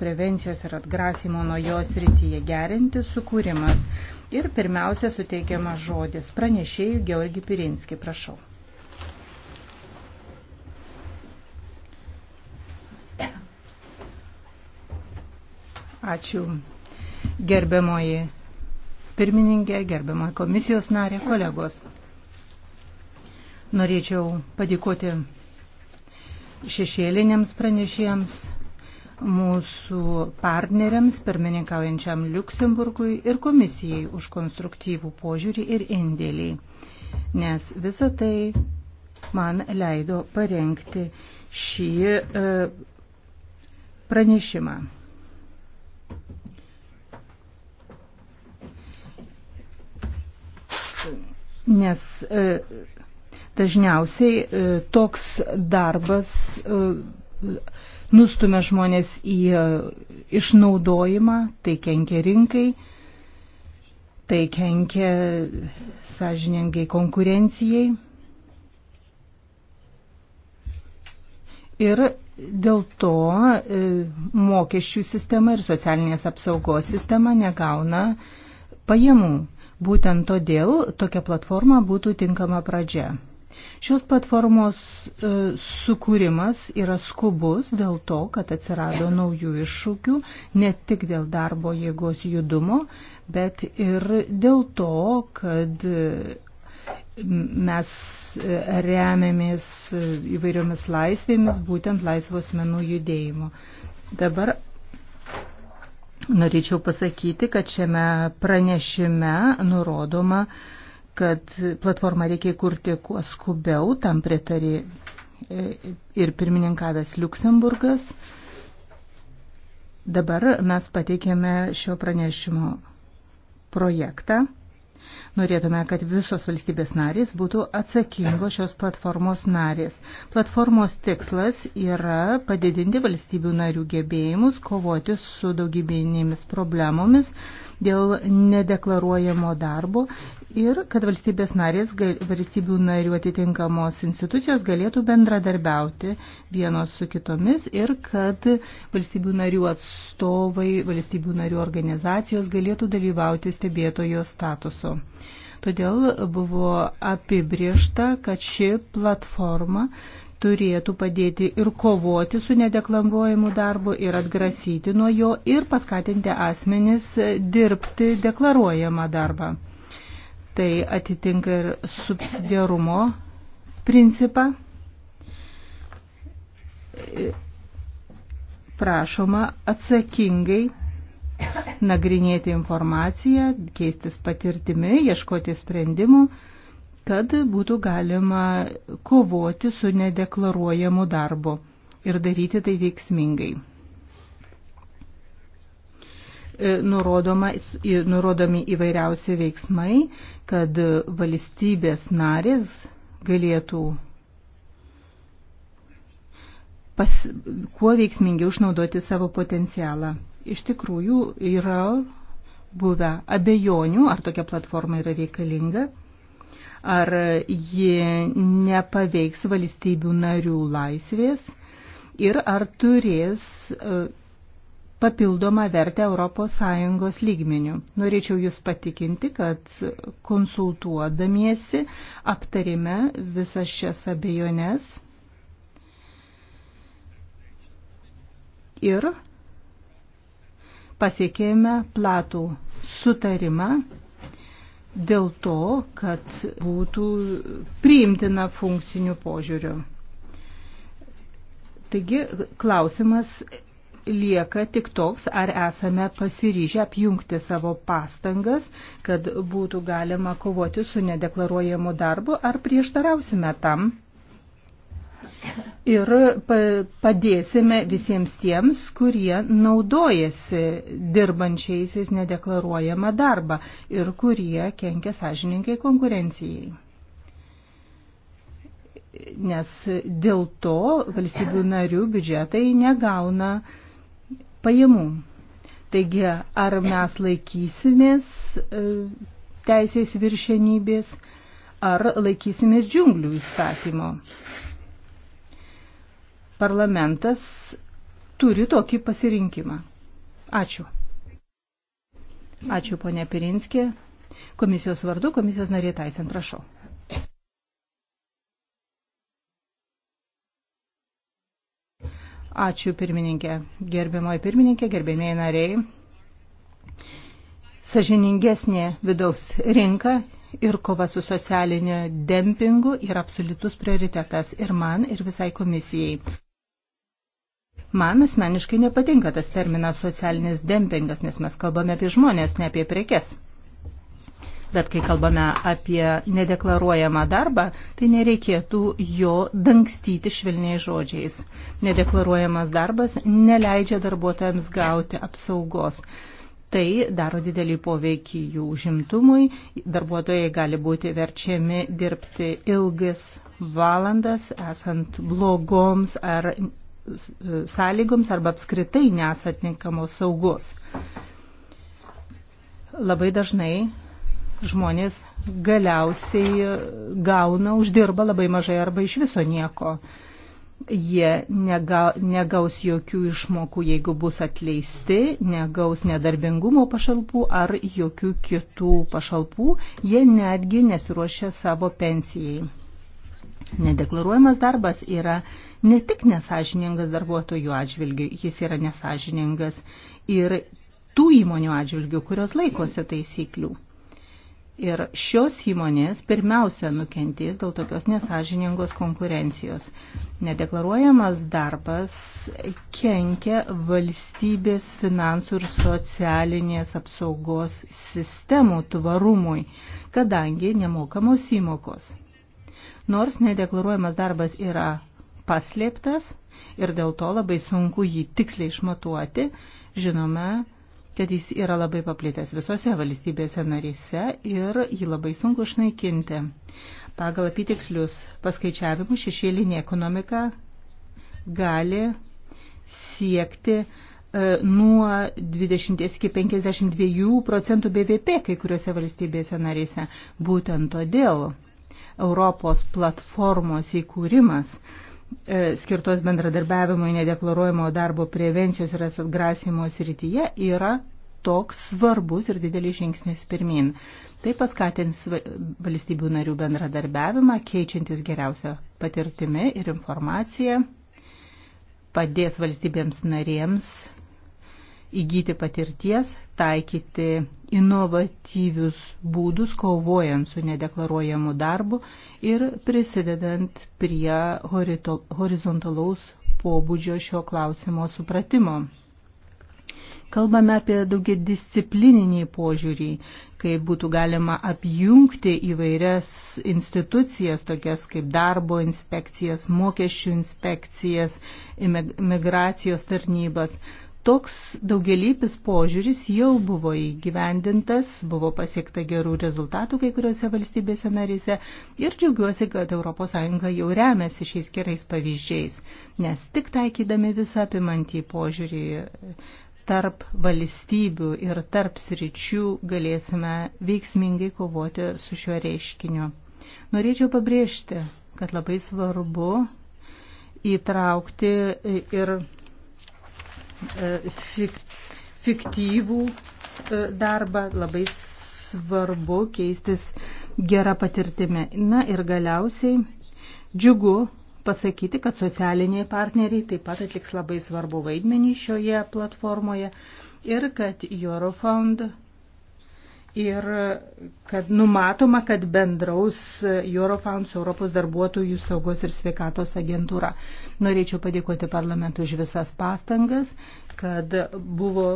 prevencijos ir atgrasimo nuo jos rytyje gerinti sukūrimas. Ir pirmiausia suteikiamas žodis pranešėjų Georgi Pirinski, prašau. Ačiū gerbiamoji pirmininkė, gerbiamoji komisijos narė, kolegos. Norėčiau padėkoti šešėlinėms pranešėjams, mūsų partneriams, pirmininkaujančiam Luksemburgui ir komisijai už konstruktyvų požiūrį ir indėlį, nes visa tai man leido parengti šį e, pranešimą. Nes e, dažniausiai e, toks darbas e, nustumia žmonės į e, išnaudojimą, tai kenkia rinkai, tai kenkia sąžiningai konkurencijai. Ir dėl to e, mokesčių sistema ir socialinės apsaugos sistema negauna pajamų. Būtent todėl tokia platforma būtų tinkama pradžia. Šios platformos e, sukūrimas yra skubus dėl to, kad atsirado naujų iššūkių, ne tik dėl darbo jėgos judumo, bet ir dėl to, kad e, mes e, remiamės įvairiomis laisvėmis, būtent laisvos menų judėjimo. Dabar norėčiau pasakyti, kad šiame pranešime nurodoma, kad platformą reikia kurti kuo skubiau, tam pritarė e, ir pirmininkavęs Luksemburgas. Dabar mes pateikėme šio pranešimo projektą. Norėtume, kad visos valstybės narės būtų atsakingos šios platformos narės. Platformos tikslas yra padidinti valstybių narių gebėjimus kovoti su daugybinėmis problemomis dėl nedeklaruojamo darbo ir kad valstybės narės, valstybių narių atitinkamos institucijos galėtų bendradarbiauti vienos su kitomis ir kad valstybių narių atstovai, valstybių narių organizacijos galėtų dalyvauti stebėtojo statuso. Todėl buvo apibriešta, kad ši platforma turėtų padėti ir kovoti su nedeklaruojamu darbu ir atgrasyti nuo jo ir paskatinti asmenis dirbti deklaruojamą darbą. Tai atitinka ir subsidiarumo principą. Prašoma atsakingai nagrinėti informaciją, keistis patirtimi, ieškoti sprendimų, kad būtų galima kovoti su nedeklaruojamu darbu ir daryti tai veiksmingai. E, nurodomi įvairiausi veiksmai, kad valstybės narės galėtų pas, kuo veiksmingiau išnaudoti savo potencialą. Iš tikrųjų yra buvę abejonių, ar tokia platforma yra reikalinga, ar ji nepaveiks valstybių narių laisvės ir ar turės e, papildomą vertę ES lygmenių. Norėčiau Jūs patikinti, kad konsultuodamiesi aptarime visas šias abejonės ir pasiekėme platų sutarimą dėl to, kad būtų priimtina funkcinių požiūrių. Taigi klausimas lieka tik toks, ar esame pasiryžę apjungti savo pastangas, kad būtų galima kovoti su nedeklaruojamu darbu, ar prieštarausime tam. Ir padėsime visiems tiems, kurie naudojasi dirbančiaisiais nedeklaruojamą darbą ir kurie kenkia sąžininkai konkurencijai nes dėl to valstybių narių biudžetai negauna pajamų. Taigi, ar mes laikysimės e, teisės viršenybės, ar laikysimės džiunglių įstatymo. Parlamentas turi tokį pasirinkimą. Ačiū. Ačiū, ponė Pirinskė. Komisijos vardu, komisijos narė Taisen, prašau. Ačiū pirmininkė. Gerbiamoji pirmininkė, gerbėmiai nariai. Sažiningesnė vidaus rinka ir kova su socialiniu dempingu yra absoliutus prioritetas ir man, ir visai komisijai. Man asmeniškai nepatinka tas terminas socialinis dempingas, nes mes kalbame apie žmonės, ne apie prekes. Bet kai kalbame apie nedeklaruojamą darbą, tai nereikėtų jo dangstyti švelniai žodžiais. Nedeklaruojamas darbas neleidžia darbuotojams gauti apsaugos. Tai daro didelį poveikį jų užimtumui. Darbuotojai gali būti verčiami dirbti ilgas valandas, esant blogoms ar sąlygoms arba apskritai nesatinkamos saugos. Labai dažnai žmonės galiausiai gauna, uždirba labai mažai arba iš viso nieko. Jie nega, negaus jokių išmokų, jeigu bus atleisti, negaus nedarbingumo pašalpų ar jokių kitų pašalpų, jie netgi nesiruošia savo pensijai. Nedeklaruojamas darbas yra ne tik nesažiningas darbuotojų atžvilgių, jis yra nesažiningas ir tų įmonių atžvilgių, kurios laikosi taisyklių. Ir šios įmonės pirmiausia nukentės dėl tokios nesažiningos konkurencijos. Nedeklaruojamas darbas kenkia valstybės finansų ir socialinės apsaugos sistemų tvarumui, kadangi nemokamos įmokos. Nors nedeklaruojamas darbas yra paslėptas ir dėl to labai sunku jį tiksliai išmatuoti, žinome, kad jis yra labai paplitęs visose valstybėse narise ir jį labai sunku išnaikinti. Pagal apitikslius paskaičiavimus šešėlinė ekonomika gali siekti e, nuo 20 iki 52 procentų BVP kai kuriuose valstybėse narėse. Būtent todėl Europos platformos įkūrimas E, skirtos bendradarbiavimui nedeklaruojamo darbo prevencijos ir atgrasimo srityje yra toks svarbus ir didelis žingsnis pirmin. Tai paskatins valstybių narių bendradarbiavimą, keičiantis geriausią patirtimi ir informaciją, padės valstybėms narėms įgyti patirties, taikyti inovatyvius būdus, kovojant su nedeklaruojamu darbu ir prisidedant prie horizontalaus pobūdžio šio klausimo supratimo. Kalbame apie daugia disciplininį požiūrį, kaip būtų galima apjungti įvairias institucijas, tokias kaip darbo inspekcijas, mokesčių inspekcijas, migracijos tarnybas, Toks daugelypis požiūris jau buvo įgyvendintas, buvo pasiekta gerų rezultatų kai kuriuose valstybėse narise ir džiaugiuosi, kad ES jau remiasi šiais gerais pavyzdžiais, nes tik taikydami visą apimantį požiūrį tarp valstybių ir tarp sričių galėsime veiksmingai kovoti su šiuo reiškiniu. Norėčiau pabrėžti, kad labai svarbu įtraukti ir E, fiktyvų e, darbą, labai svarbu keistis gerą patirtimį. Na ir galiausiai džiugu pasakyti, kad socialiniai partneriai taip pat atliks labai svarbu vaidmenį šioje platformoje ir kad Eurofond ir kad numatoma, kad bendraus Eurofounds Europos darbuotojų saugos ir sveikatos agentūra. Norėčiau padėkoti parlamentui už visas pastangas, kad, buvo,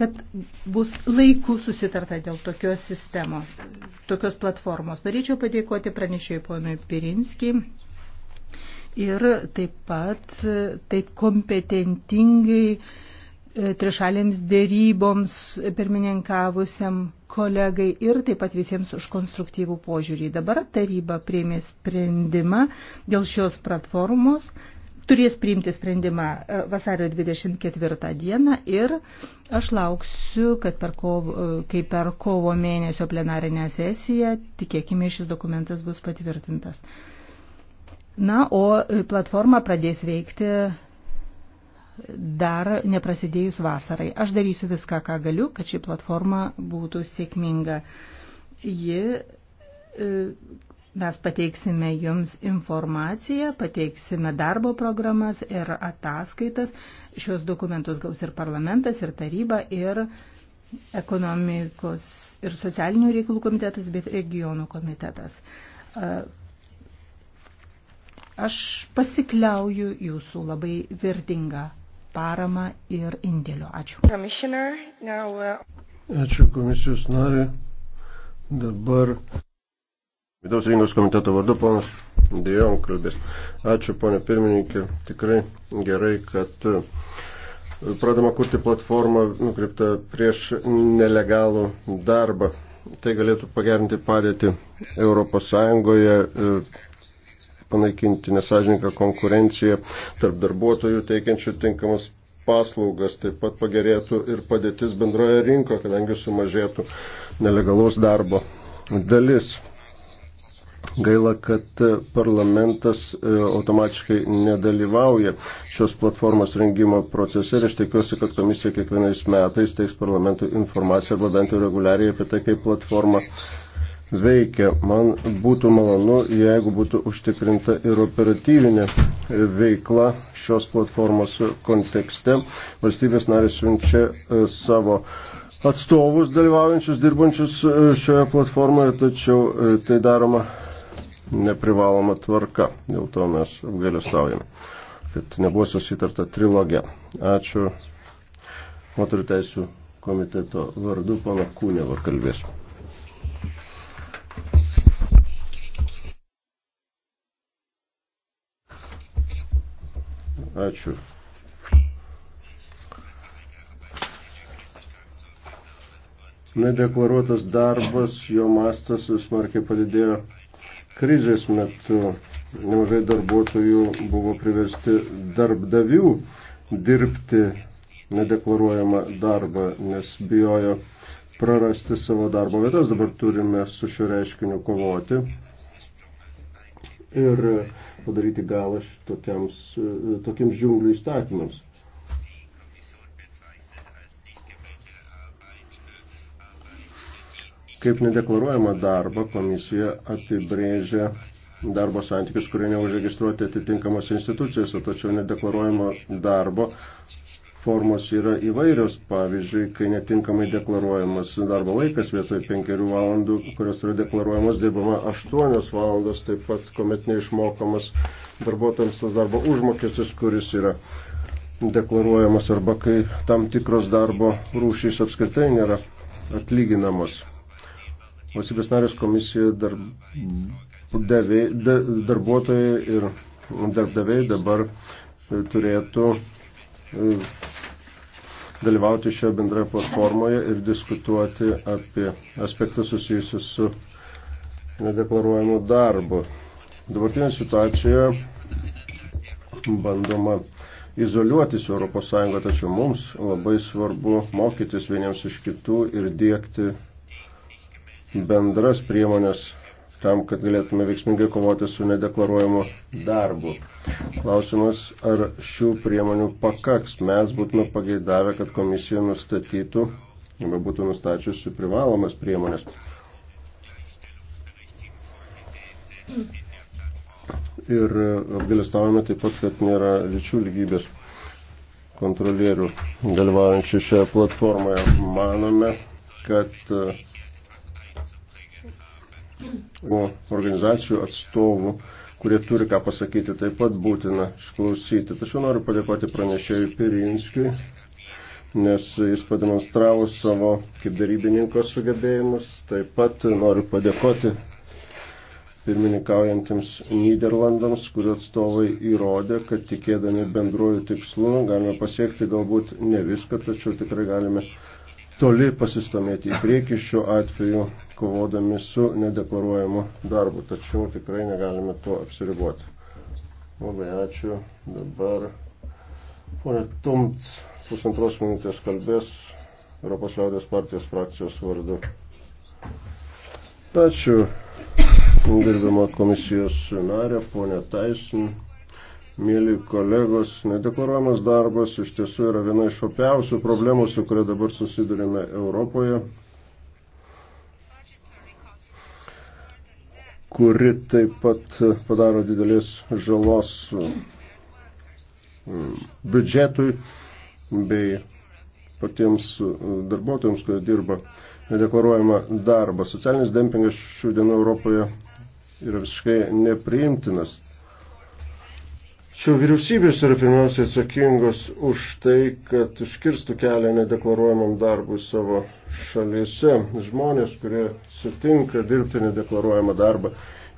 kad bus laiku susitarta dėl tokios sistemos, tokios platformos. Norėčiau padėkoti pranešėjui ponui Pirinskijai ir taip pat taip kompetentingai E, trišalėms dėryboms pirmininkavusiam kolegai ir taip pat visiems už konstruktyvų požiūrį. Dabar taryba priėmė sprendimą dėl šios platformos, turės priimti sprendimą e, vasario 24 dieną ir aš lauksiu, kad per kovo, e, kai per kovo mėnesio plenarinę sesiją, tikėkime, šis dokumentas bus patvirtintas. Na, o platforma pradės veikti dar neprasidėjus vasarai. Aš darysiu viską, ką galiu, kad ši platforma būtų sėkminga. Ji, e, mes pateiksime jums informaciją, pateiksime darbo programas ir ataskaitas. Šios dokumentus gaus ir parlamentas, ir taryba, ir ekonomikos ir socialinių reikalų komitetas, bet regionų komitetas. E, aš pasikliauju jūsų labai vertingą paramą ir indėlių. Ačiū. Uh, Ačiū komisijos nariui. Dabar Vidaus rinkos komiteto vardu ponas Dijon kalbės. Ačiū ponė pirmininkė. Tikrai gerai, kad uh, pradama kurti platformą nukreiptą prieš nelegalų darbą. Tai galėtų pagerinti padėtį Europos Sąjungoje, uh, panaikinti nesažininką konkurenciją tarp darbuotojų teikiančių tinkamas paslaugas, taip pat pagerėtų ir padėtis bendroje rinkoje, kadangi sumažėtų nelegalaus darbo dalis. Gaila, kad parlamentas e, automatiškai nedalyvauja šios platformos rengimo procese ir aš tikiuosi, kad komisija kiekvienais metais teiks parlamentui informaciją arba bent jau reguliariai apie tai, kaip platforma veikia. Man būtų malonu, jeigu būtų užtikrinta ir operatyvinė veikla šios platformos kontekste. Valstybės narės siunčia e, savo atstovus dalyvaujančius, dirbančius e, šioje platformoje, tačiau e, tai daroma neprivaloma tvarka. Dėl to mes apgailestaujame, kad nebuvo susitarta trilogija. Ačiū. Motorių teisų komiteto vardu pana Kūneva kalbėsiu. Ačiū. Nedeklaruotas darbas, jo mastas vis markiai padidėjo krizės metu. Nemažai darbuotojų buvo priversti darbdavių dirbti nedeklaruojamą darbą, nes bijojo prarasti savo darbo vietas. Dabar turime su šiuo reiškiniu kovoti. Ir padaryti galą tokiams, e, e, tokiams džiunglių įstatymams. Kaip nedeklaruojama darba, komisija apibrėžia darbo santykius, kurie neužregistruoti atitinkamos institucijose, tačiau nedeklaruojamo darbo formos yra įvairios, pavyzdžiui, kai netinkamai deklaruojamas darbo laikas vietoj 5 valandų, kurios yra deklaruojamas, dirbama 8 valandos, taip pat, kuomet neišmokamas darbuotojams tas darbo užmokestis, kuris yra deklaruojamas arba kai tam tikros darbo rūšys apskritai nėra atlyginamos. Valstybės narės komisijoje dar, davė, da, darbuotojai ir darbdaviai dabar turėtų e, dalyvauti šioje bendroje platformoje ir diskutuoti apie aspektus susijusius su nedeklaruojamu darbu. Dabartinė situacija bandoma izoliuotis Europos Sąjungo, tačiau mums labai svarbu mokytis vieniems iš kitų ir dėkti bendras priemonės tam, kad galėtume veiksmingai kovoti su nedeklaruojamu darbu. Klausimas, ar šių priemonių pakaks. Mes būtume pageidavę, kad komisija nustatytų, arba būtų nustačiusi privalomas priemonės. Ir apgalistavome taip pat, kad nėra lyčių lygybės kontrolierių dalyvaujančių šioje platformoje. Manome, kad uh, organizacijų atstovų, kurie turi ką pasakyti, taip pat būtina išklausyti. Tačiau noriu padėkoti pranešėjui Pirinskiui, nes jis pademonstravo savo kaip darybininko sugebėjimus. Taip pat noriu padėkoti pirmininkaujantiems Niderlandams, kurių atstovai įrodė, kad tikėdami bendruoju tikslu galime pasiekti galbūt ne viską, tačiau tikrai galime toli pasistumėti į priekį šiuo atveju, kovodami su nedeklaruojamu darbu, tačiau tikrai negalime tuo apsiriboti. Labai ačiū. Dabar ponė Tumts pusantros minutės kalbės Europos liaudės partijos frakcijos vardu. Ačiū, gerbimo komisijos narė, ponė Taisin mėly kolegos, nedeklaruojamas darbas iš tiesų yra viena iš opiausių problemų, su kuria dabar susidurime Europoje, kuri taip pat padaro didelės žalos mm, biudžetui bei patiems darbuotojams, kurie dirba nedeklaruojama darbą. Socialinis dempingas šių dienų Europoje yra visiškai nepriimtinas. Šių vyriausybės yra pirmiausia atsakingos už tai, kad užkirstų kelią nedeklaruojamam darbui savo šalyse. Žmonės, kurie sutinka dirbti nedeklaruojamą darbą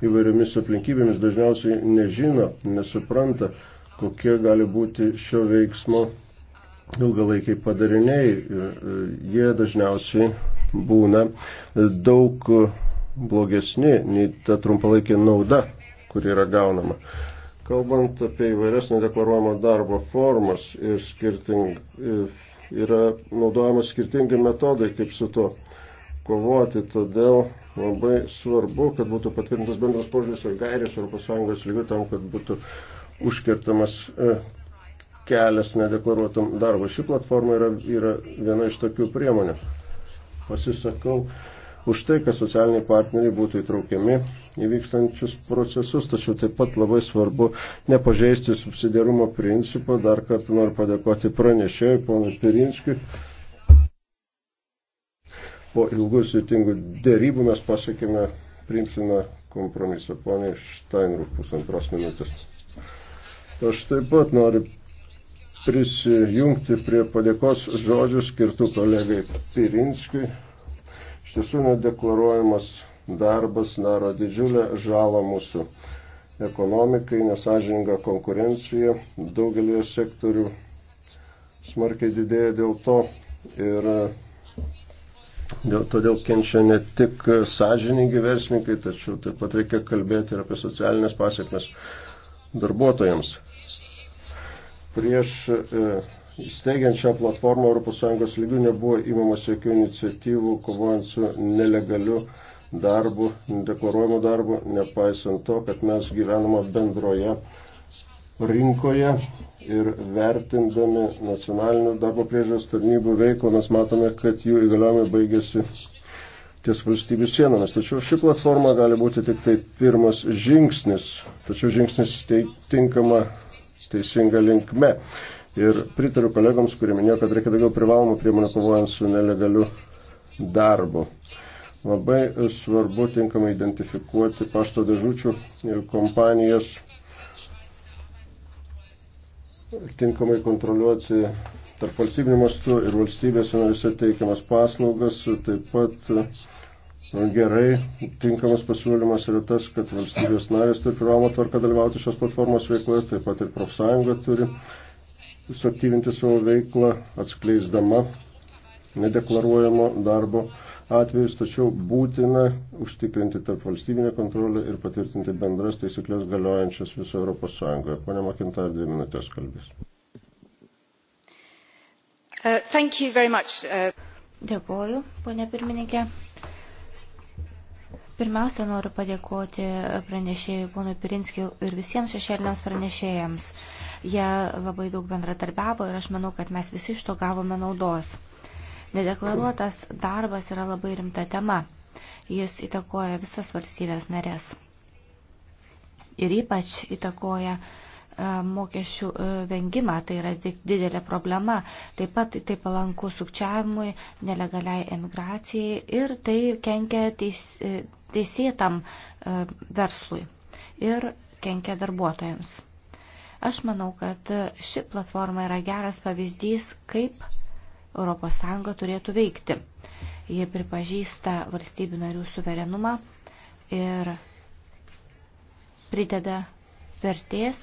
įvairiomis aplinkybėmis, dažniausiai nežino, nesupranta, kokie gali būti šio veiksmo ilgalaikiai padariniai. Jie dažniausiai būna daug blogesni nei ta trumpalaikė nauda, kuri yra gaunama. Kalbant apie įvairias nedeklaruojamo darbo formas ir skirting, yra naudojamas skirtingi metodai, kaip su to kovoti. Todėl labai svarbu, kad būtų patvirtintas bendras požiūris ir gairės Europos Sąjungos lygių tam, kad būtų užkirtamas e, kelias nedeklaruotam darbui. Ši platforma yra, yra viena iš tokių priemonių. Pasisakau už tai, kad socialiniai partneriai būtų įtraukiami įvykstančius procesus, tačiau taip pat labai svarbu nepažeisti subsidiarumo principą. Dar kartą noriu padėkoti pranešėjui, ponui Pirinskiui. Po ilgų sėtingų dėrybų mes pasiekime priimtiną kompromisą. Pone Štainruk, pusantros minutės. Aš taip pat noriu prisijungti prie padėkos žodžių skirtų kolegai Pirinskui Iš tiesų nedeklaruojamas darbas daro didžiulę žalą mūsų ekonomikai, nesažininga konkurencija daugelio sektorių smarkiai didėja dėl to ir Dėl, todėl kenčia ne tik sąžiningi verslininkai, tačiau taip pat reikia kalbėti ir apie socialinės pasiekmes darbuotojams. Prieš e, Steigiant šią platformą ES lygių nebuvo įmamas jokių iniciatyvų kovojant su nelegaliu darbu, deklaruojamu darbu, nepaisant to, kad mes gyvename bendroje rinkoje ir vertindami nacionalinių darbo priežiūros tarnybų veiklą mes matome, kad jų įgaliojimai baigėsi ties valstybių sienomis. Tačiau ši platforma gali būti tik tai pirmas žingsnis, tačiau žingsnis tinkama teisinga linkme. Ir pritariu kolegoms, kurie minėjo, kad reikia daugiau privalomų priemonių kovojant su nelegaliu darbu. Labai svarbu tinkamai identifikuoti pašto dėžučių kompanijas, tinkamai kontroliuoti tarp valstybinių mastų ir valstybės narise teikiamas paslaugas, taip pat e, Gerai, tinkamas pasiūlymas yra tas, kad valstybės narės turi privalomą tvarką dalyvauti šios platformos veikloje, taip pat ir profsąjunga turi suaktyvinti savo veiklą, atskleisdama nedeklaruojamo darbo atvejus, tačiau būtina užtikrinti tarp valstybinę kontrolę ir patvirtinti bendras taisyklės galiojančias viso Europos Sąjungoje. Pone Makintar, dvi minutės kalbės. Uh, uh... Dėkuoju, ponė pirmininkė. Pirmiausia, noriu padėkoti pranešėjui ponui Pirinskiu ir visiems šešėliniams pranešėjams. Uh, Jie labai daug bendradarbiavo ir aš manau, kad mes visi iš to gavome naudos. Nedeklaruotas darbas yra labai rimta tema. Jis įtakoja visas valstybės narės. Ir ypač įtakoja e, mokesčių e, vengimą, tai yra didelė problema. Taip pat tai palanku sukčiavimui, nelegaliai emigracijai ir tai kenkia teis, e, teisėtam verslui ir kenkia darbuotojams. Aš manau, kad ši platforma yra geras pavyzdys, kaip ES turėtų veikti. Jie pripažįsta valstybių narių suverenumą ir prideda vertės,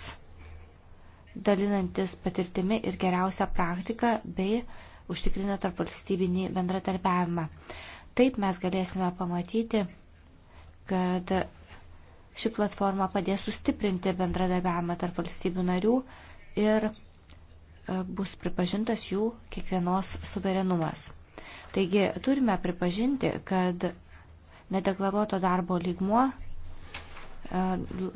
dalinantis patirtimi ir geriausią praktiką bei užtikrina tarp valstybinį bendratarpiavimą. Taip mes galėsime pamatyti, kad Ši platforma padės sustiprinti bendradarbiavimą tarp valstybių narių ir e, bus pripažintas jų kiekvienos suverenumas. Taigi turime pripažinti, kad nedeklaruoto darbo lygmuo e,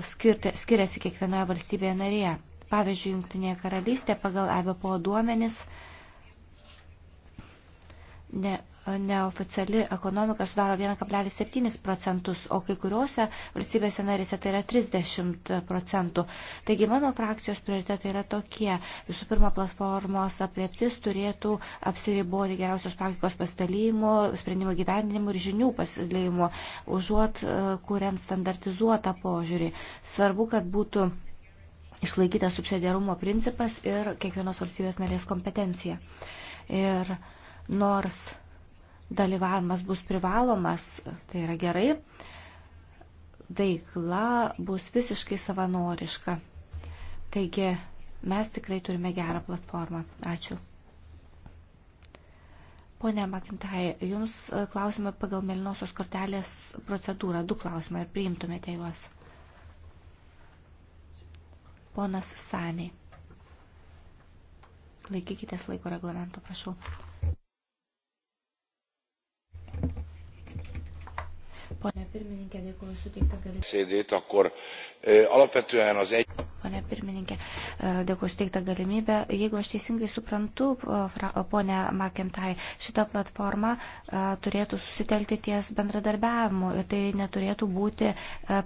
skiriasi kiekvienoje valstybėje narėje. Pavyzdžiui, Junktinėje karalystėje pagal EBPO duomenis ne, neoficiali ekonomika sudaro 1,7 procentus, o kai kuriuose valstybėse narėse tai yra 30 procentų. Taigi mano frakcijos prioritetai yra tokie. Visų pirma, platformos apreptis turėtų apsiriboti geriausios praktikos pasidalymu, sprendimų gyvendinimu ir žinių pasidalymu, užuot e, kuriant standartizuotą požiūrį. Svarbu, kad būtų išlaikytas subsidiarumo principas ir kiekvienos valstybės narės kompetencija. Ir nors dalyvavimas bus privalomas, tai yra gerai, veikla bus visiškai savanoriška. Taigi mes tikrai turime gerą platformą. Ačiū. Pone Makintai, jums klausimai pagal melinosios kortelės procedūrą. Du klausimai ir priimtumėte juos. Ponas Saniai. Laikykitės laiko reglamento, prašau. Pane pirmininkė, dėkuoju suteiktą galimybę. E, Pane pirmininkė, e, dėkuoju suteiktą galimybę. Jeigu aš teisingai suprantu, ponė Makintai, šita platforma e, turėtų susitelti ties bendradarbiavimu ir tai neturėtų būti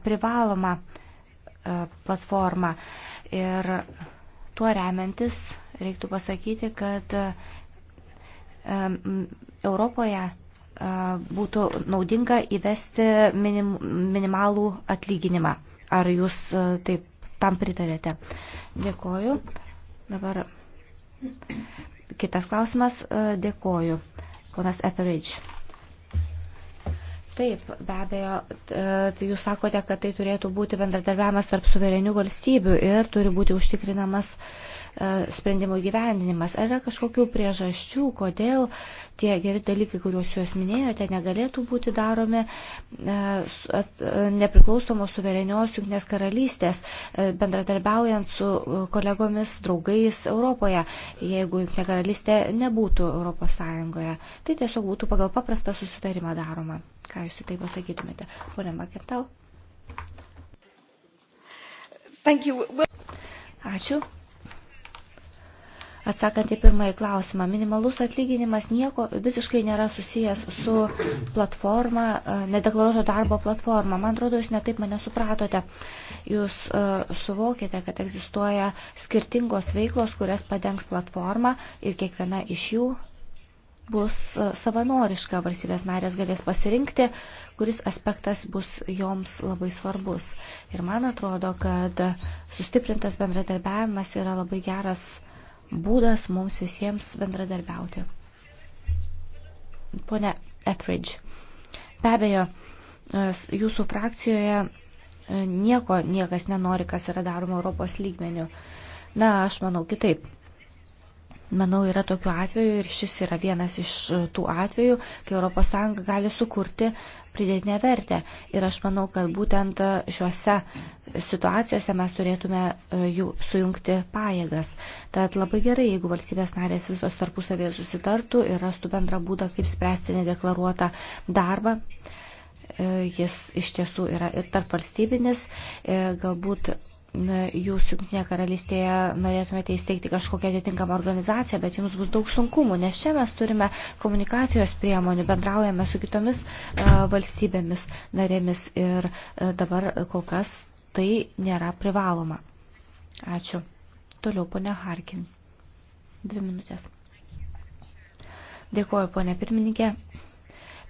privaloma platforma. Ir tuo remiantis reiktų pasakyti, kad Europoje būtų naudinga įvesti minim, minimalų atlyginimą. Ar jūs taip tam pritarėte? Dėkoju. Dabar kitas klausimas. Dėkoju. Ponas Etheridge. Taip, be abejo, tai jūs sakote, kad tai turėtų būti bendradarbiavimas tarp suverenių valstybių ir turi būti užtikrinamas uh, E, sprendimų gyvendinimas. Ar yra kažkokių priežasčių, kodėl tie geri dalykai, kuriuos jūs minėjote, negalėtų būti daromi e, nepriklausomos suverenios jungtinės karalystės, e, bendradarbiaujant su kolegomis, draugais Europoje, jeigu jungtinė karalystė nebūtų Europos Sąjungoje. Tai tiesiog būtų pagal paprastą susitarimą daroma. Ką jūs į tai pasakytumėte? Pone Makentau. Ačiū. Atsakant į pirmąjį klausimą, minimalus atlyginimas nieko visiškai nėra susijęs su platforma, e, nedeklaruoto darbo platforma. Man atrodo, jūs netaip mane supratote. Jūs uh, e, suvokite, kad egzistuoja skirtingos veiklos, kurias padengs platforma ir kiekviena iš jų bus e, savanoriška. Valstybės narės galės pasirinkti, kuris aspektas bus joms labai svarbus. Ir man atrodo, kad sustiprintas bendradarbiavimas yra labai geras būdas mums visiems bendradarbiauti. Pone Etheridge, be abejo, jūsų frakcijoje e, nieko niekas nenori, kas yra daroma Europos lygmeniu. Na, aš manau kitaip. Manau, yra tokių atvejų ir šis yra vienas iš e, tų atvejų, kai ES gali sukurti pridėtinę vertę. Ir aš manau, kad būtent e, šiuose situacijose mes turėtume e, jų sujungti pajėgas. Tad labai gerai, jeigu valstybės narės visos tarpusavėje susitartų ir rastų bendrą būdą, kaip spręsti nedeklaruotą darbą jis iš tiesų yra ir tarp valstybinis, galbūt jūs Junktinėje karalystėje norėtumėte įsteigti kažkokią atitinkamą organizaciją, bet jums bus daug sunkumų, nes čia mes turime komunikacijos priemonių, bendraujame su kitomis valstybėmis narėmis ir dabar kol kas tai nėra privaloma. Ačiū. Toliau, ponia Harkin. Dvi minutės. Dėkuoju, ponia pirmininkė.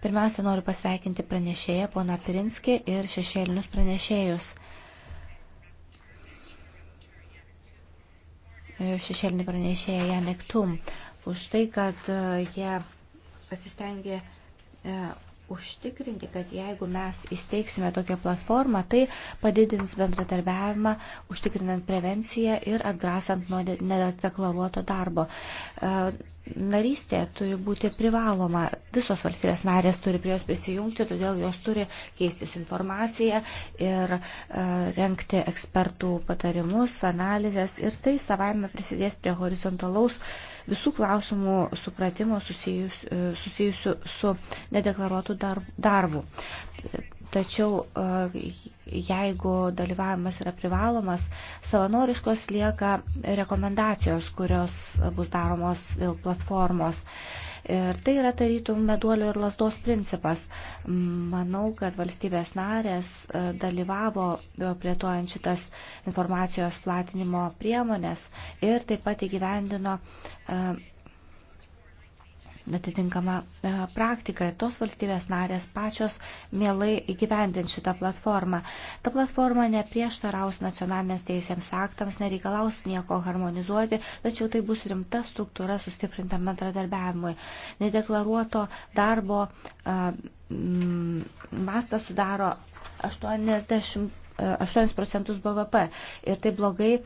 Pirmiausia, noriu pasveikinti pranešėją, poną Pirinskį ir šešėlinius pranešėjus šešėlinį pranešėją Janek Tum už tai, kad e, jie pasistengė e, užtikrinti, kad jeigu mes įsteigsime tokią platformą, tai padidins bendradarbiavimą, užtikrinant prevenciją ir atgrasant nuo nedeklaruoto darbo. E, narystė turi būti privaloma, visos valstybės narės turi prie jos prisijungti, todėl jos turi keistis informaciją ir e, renkti ekspertų patarimus, analizės ir tai savaime prisidės prie horizontalaus visų klausimų supratimo susijus, e, susijusių su nedeklaruotų darbu. Tačiau e, jeigu dalyvavimas yra privalomas, savanoriškos lieka rekomendacijos, kurios bus daromos dėl platformos. Ir tai yra tarytum meduolio ir lasdos principas. Manau, kad valstybės narės e, dalyvavo e, plėtojant šitas informacijos platinimo priemonės ir taip pat įgyvendino e, atitinkamą e, praktiką. Tos valstybės narės pačios mielai įgyvendint šitą platformą. Ta platforma neprieštaraus nacionalinės teisėms aktams, nereikalaus nieko harmonizuoti, tačiau tai bus rimta struktūra sustiprintam bendradarbiavimui. Nedeklaruoto darbo e, mastas sudaro 80 8 procentus BVP. Ir tai blogai e,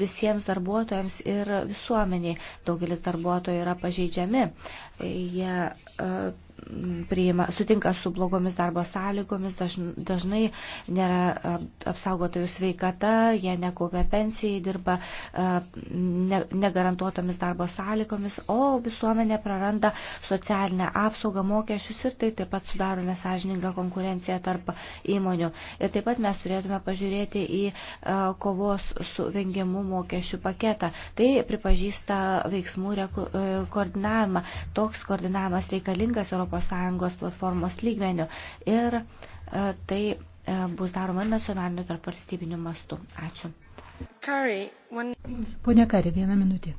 visiems darbuotojams ir visuomeniai. Daugelis darbuotojų yra pažeidžiami. Jie e, priima, sutinka su blogomis darbo sąlygomis, dažnai nėra apsaugotojų sveikata, jie nekaupia pensijai, dirba negarantuotomis darbo sąlygomis, o visuomenė praranda socialinę apsaugą, mokesčius ir tai taip pat sudaro nesažiningą konkurenciją tarp įmonių. Ir taip pat mes turėtume pažiūrėti į kovos su vengimu mokesčių paketą. Tai pripažįsta veiksmų e, koordinavimą. Toks koordinavimas reikalingas Europos ES platformos lygmenių ir e, tai e, bus daroma nacionaliniu tarp valstybiniu mastu. Ačiū. Kari, one... Pone Kari, vieną minutį.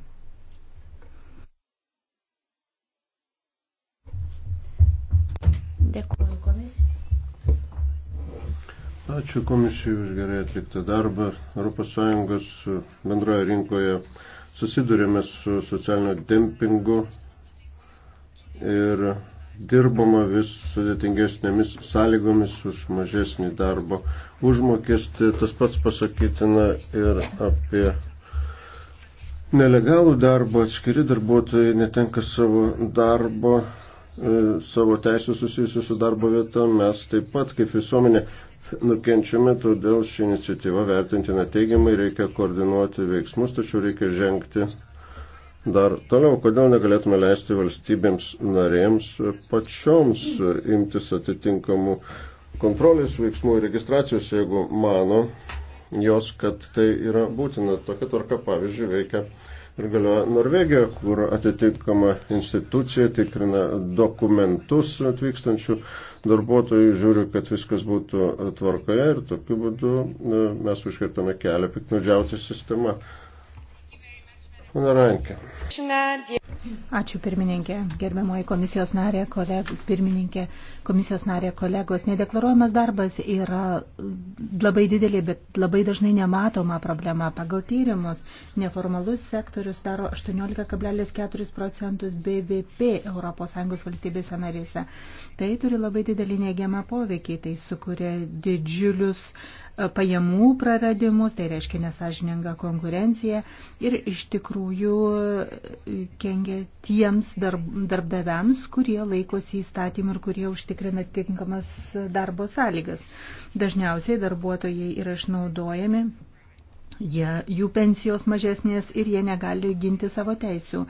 Dėkuoju komisijai. Ačiū komisijai už gerai atliktą darbą. ES bendroje rinkoje susidurėme su socialinio dempingu ir dirbama vis sudėtingesnėmis sąlygomis už mažesnį darbo užmokestį. Tas pats pasakytina ir apie nelegalų darbą. Atskiri darbuotojai netenka savo darbo, e, savo teisų susijusių su darbo vieta. Mes taip pat kaip visuomenė nukenčiame, todėl ši iniciatyva vertintina teigiamai reikia koordinuoti veiksmus, tačiau reikia žengti Dar toliau, kodėl negalėtume leisti valstybėms narėms pačioms imtis atitinkamų kontrolės veiksmų ir registracijos, jeigu mano jos, kad tai yra būtina. Tokia tvarka, pavyzdžiui, veikia ir galioja Norvegija, kur atitinkama institucija tikrina dokumentus atvykstančių darbuotojų, žiūri, kad viskas būtų tvarkoje ir tokiu būdu e, mes užkirtame kelią piknudžiauti sistemą. Rankė. Ačiū pirmininkė, gerbiamoji komisijos narė, koleg, pirmininkė, komisijos narė, kolegos. Nedeklaruojamas darbas yra labai didelė, bet labai dažnai nematoma problema. Pagal tyrimus neformalus sektorius daro 18,4 procentus BVP ES valstybėse narėse. Tai turi labai didelį neigiamą poveikį, tai sukuria didžiulius E, pajamų praradimus, tai reiškia nesažininga konkurencija ir iš tikrųjų e, kengia tiems darb, darbdaviams, kurie laikosi įstatymų ir kurie užtikrina tinkamas darbo sąlygas. Dažniausiai darbuotojai yra išnaudojami jie, jų pensijos mažesnės ir jie negali ginti savo teisių.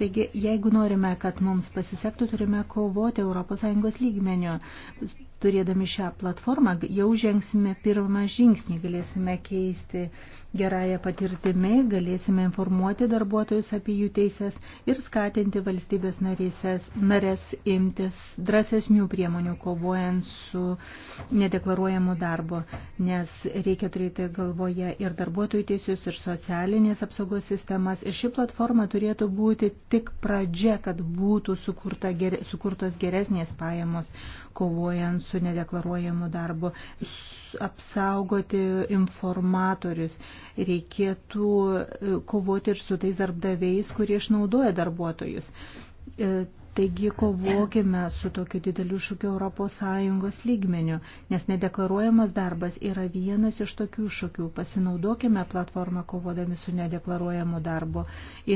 Taigi, jeigu norime, kad mums pasisektų, turime kovoti ES lygmenio turėdami šią platformą, jau žengsime pirmą žingsnį, galėsime keisti gerąją patirtimį, galėsime informuoti darbuotojus apie jų teises ir skatinti valstybės narėses, narės imtis drąsesnių priemonių kovojant su nedeklaruojamu darbu, nes reikia turėti galvoje ir darbuotojų teisius, ir socialinės apsaugos sistemas. Ir ši platforma turėtų būti tik pradžia, kad būtų sukurta, ger, sukurtos geresnės pajamos kovojant su su nedeklaruojamu darbu, apsaugoti informatorius, reikėtų e, kovoti ir su tais darbdaviais, kurie išnaudoja darbuotojus. E, taigi kovokime su tokiu dideliu šūkiu ES lygmeniu, nes nedeklaruojamas darbas yra vienas iš tokių šūkių. Pasinaudokime platformą kovodami su nedeklaruojamu darbu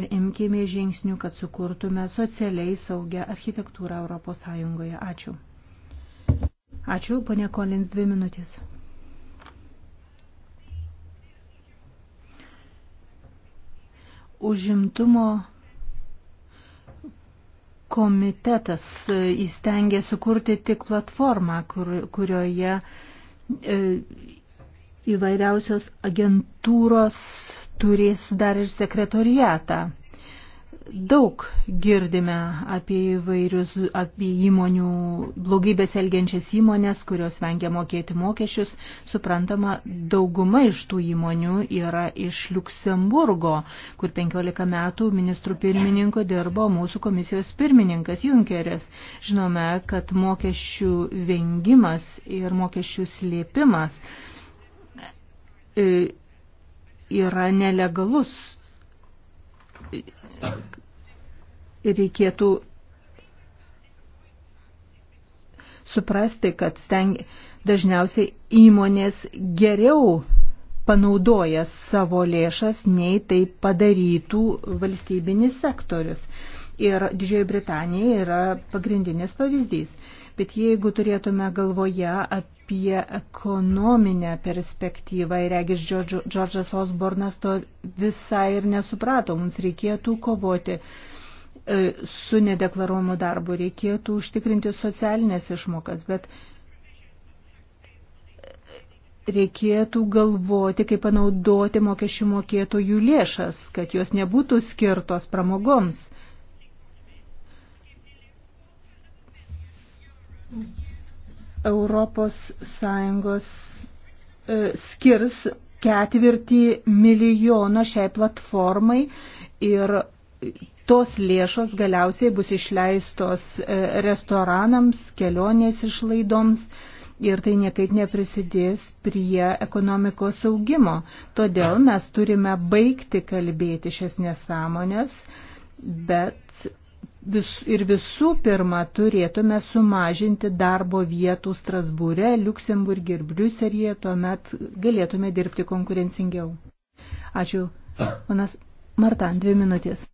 ir imkime žingsnių, kad sukurtume socialiai saugę architektūrą ES. Ačiū. Ačiū, ponė Kolins, dvi minutės. Užimtumo komitetas e, įstengė sukurti tik platformą, kur, kurioje e, įvairiausios agentūros turės dar ir sekretoriatą daug girdime apie įvairius, apie įmonių blogybės elgiančias įmonės, kurios vengia mokėti mokesčius. Suprantama, dauguma iš tų įmonių yra iš Luksemburgo, kur 15 metų ministrų pirmininko dirbo mūsų komisijos pirmininkas Junkeris. Žinome, kad mokesčių vengimas ir mokesčių slėpimas e, yra nelegalus reikėtų suprasti, kad steng, dažniausiai įmonės geriau panaudoja savo lėšas, nei tai padarytų valstybinis sektorius. Ir Didžioji Britanija yra pagrindinis pavyzdys. Bet jeigu turėtume galvoje apie ekonominę perspektyvą, ir regis Džordžas Osbornas to visai ir nesuprato, mums reikėtų kovoti e, su nedeklaruomu darbu, reikėtų užtikrinti socialinės išmokas, bet reikėtų galvoti, kaip panaudoti mokesčių mokėtojų lėšas, kad jos nebūtų skirtos pramogoms. Europos Sąjungos e, skirs ketvirtį milijono šiai platformai ir tos lėšos galiausiai bus išleistos e, restoranams, kelionės išlaidoms ir tai niekaip neprisidės prie ekonomikos augimo. Todėl mes turime baigti kalbėti šias nesąmonės, bet vis, ir visų pirma turėtume sumažinti darbo vietų Strasbūre, Luksemburgė ir Briuselėje, tuomet galėtume dirbti konkurencingiau. Ačiū. Panas Martan, dvi minutės.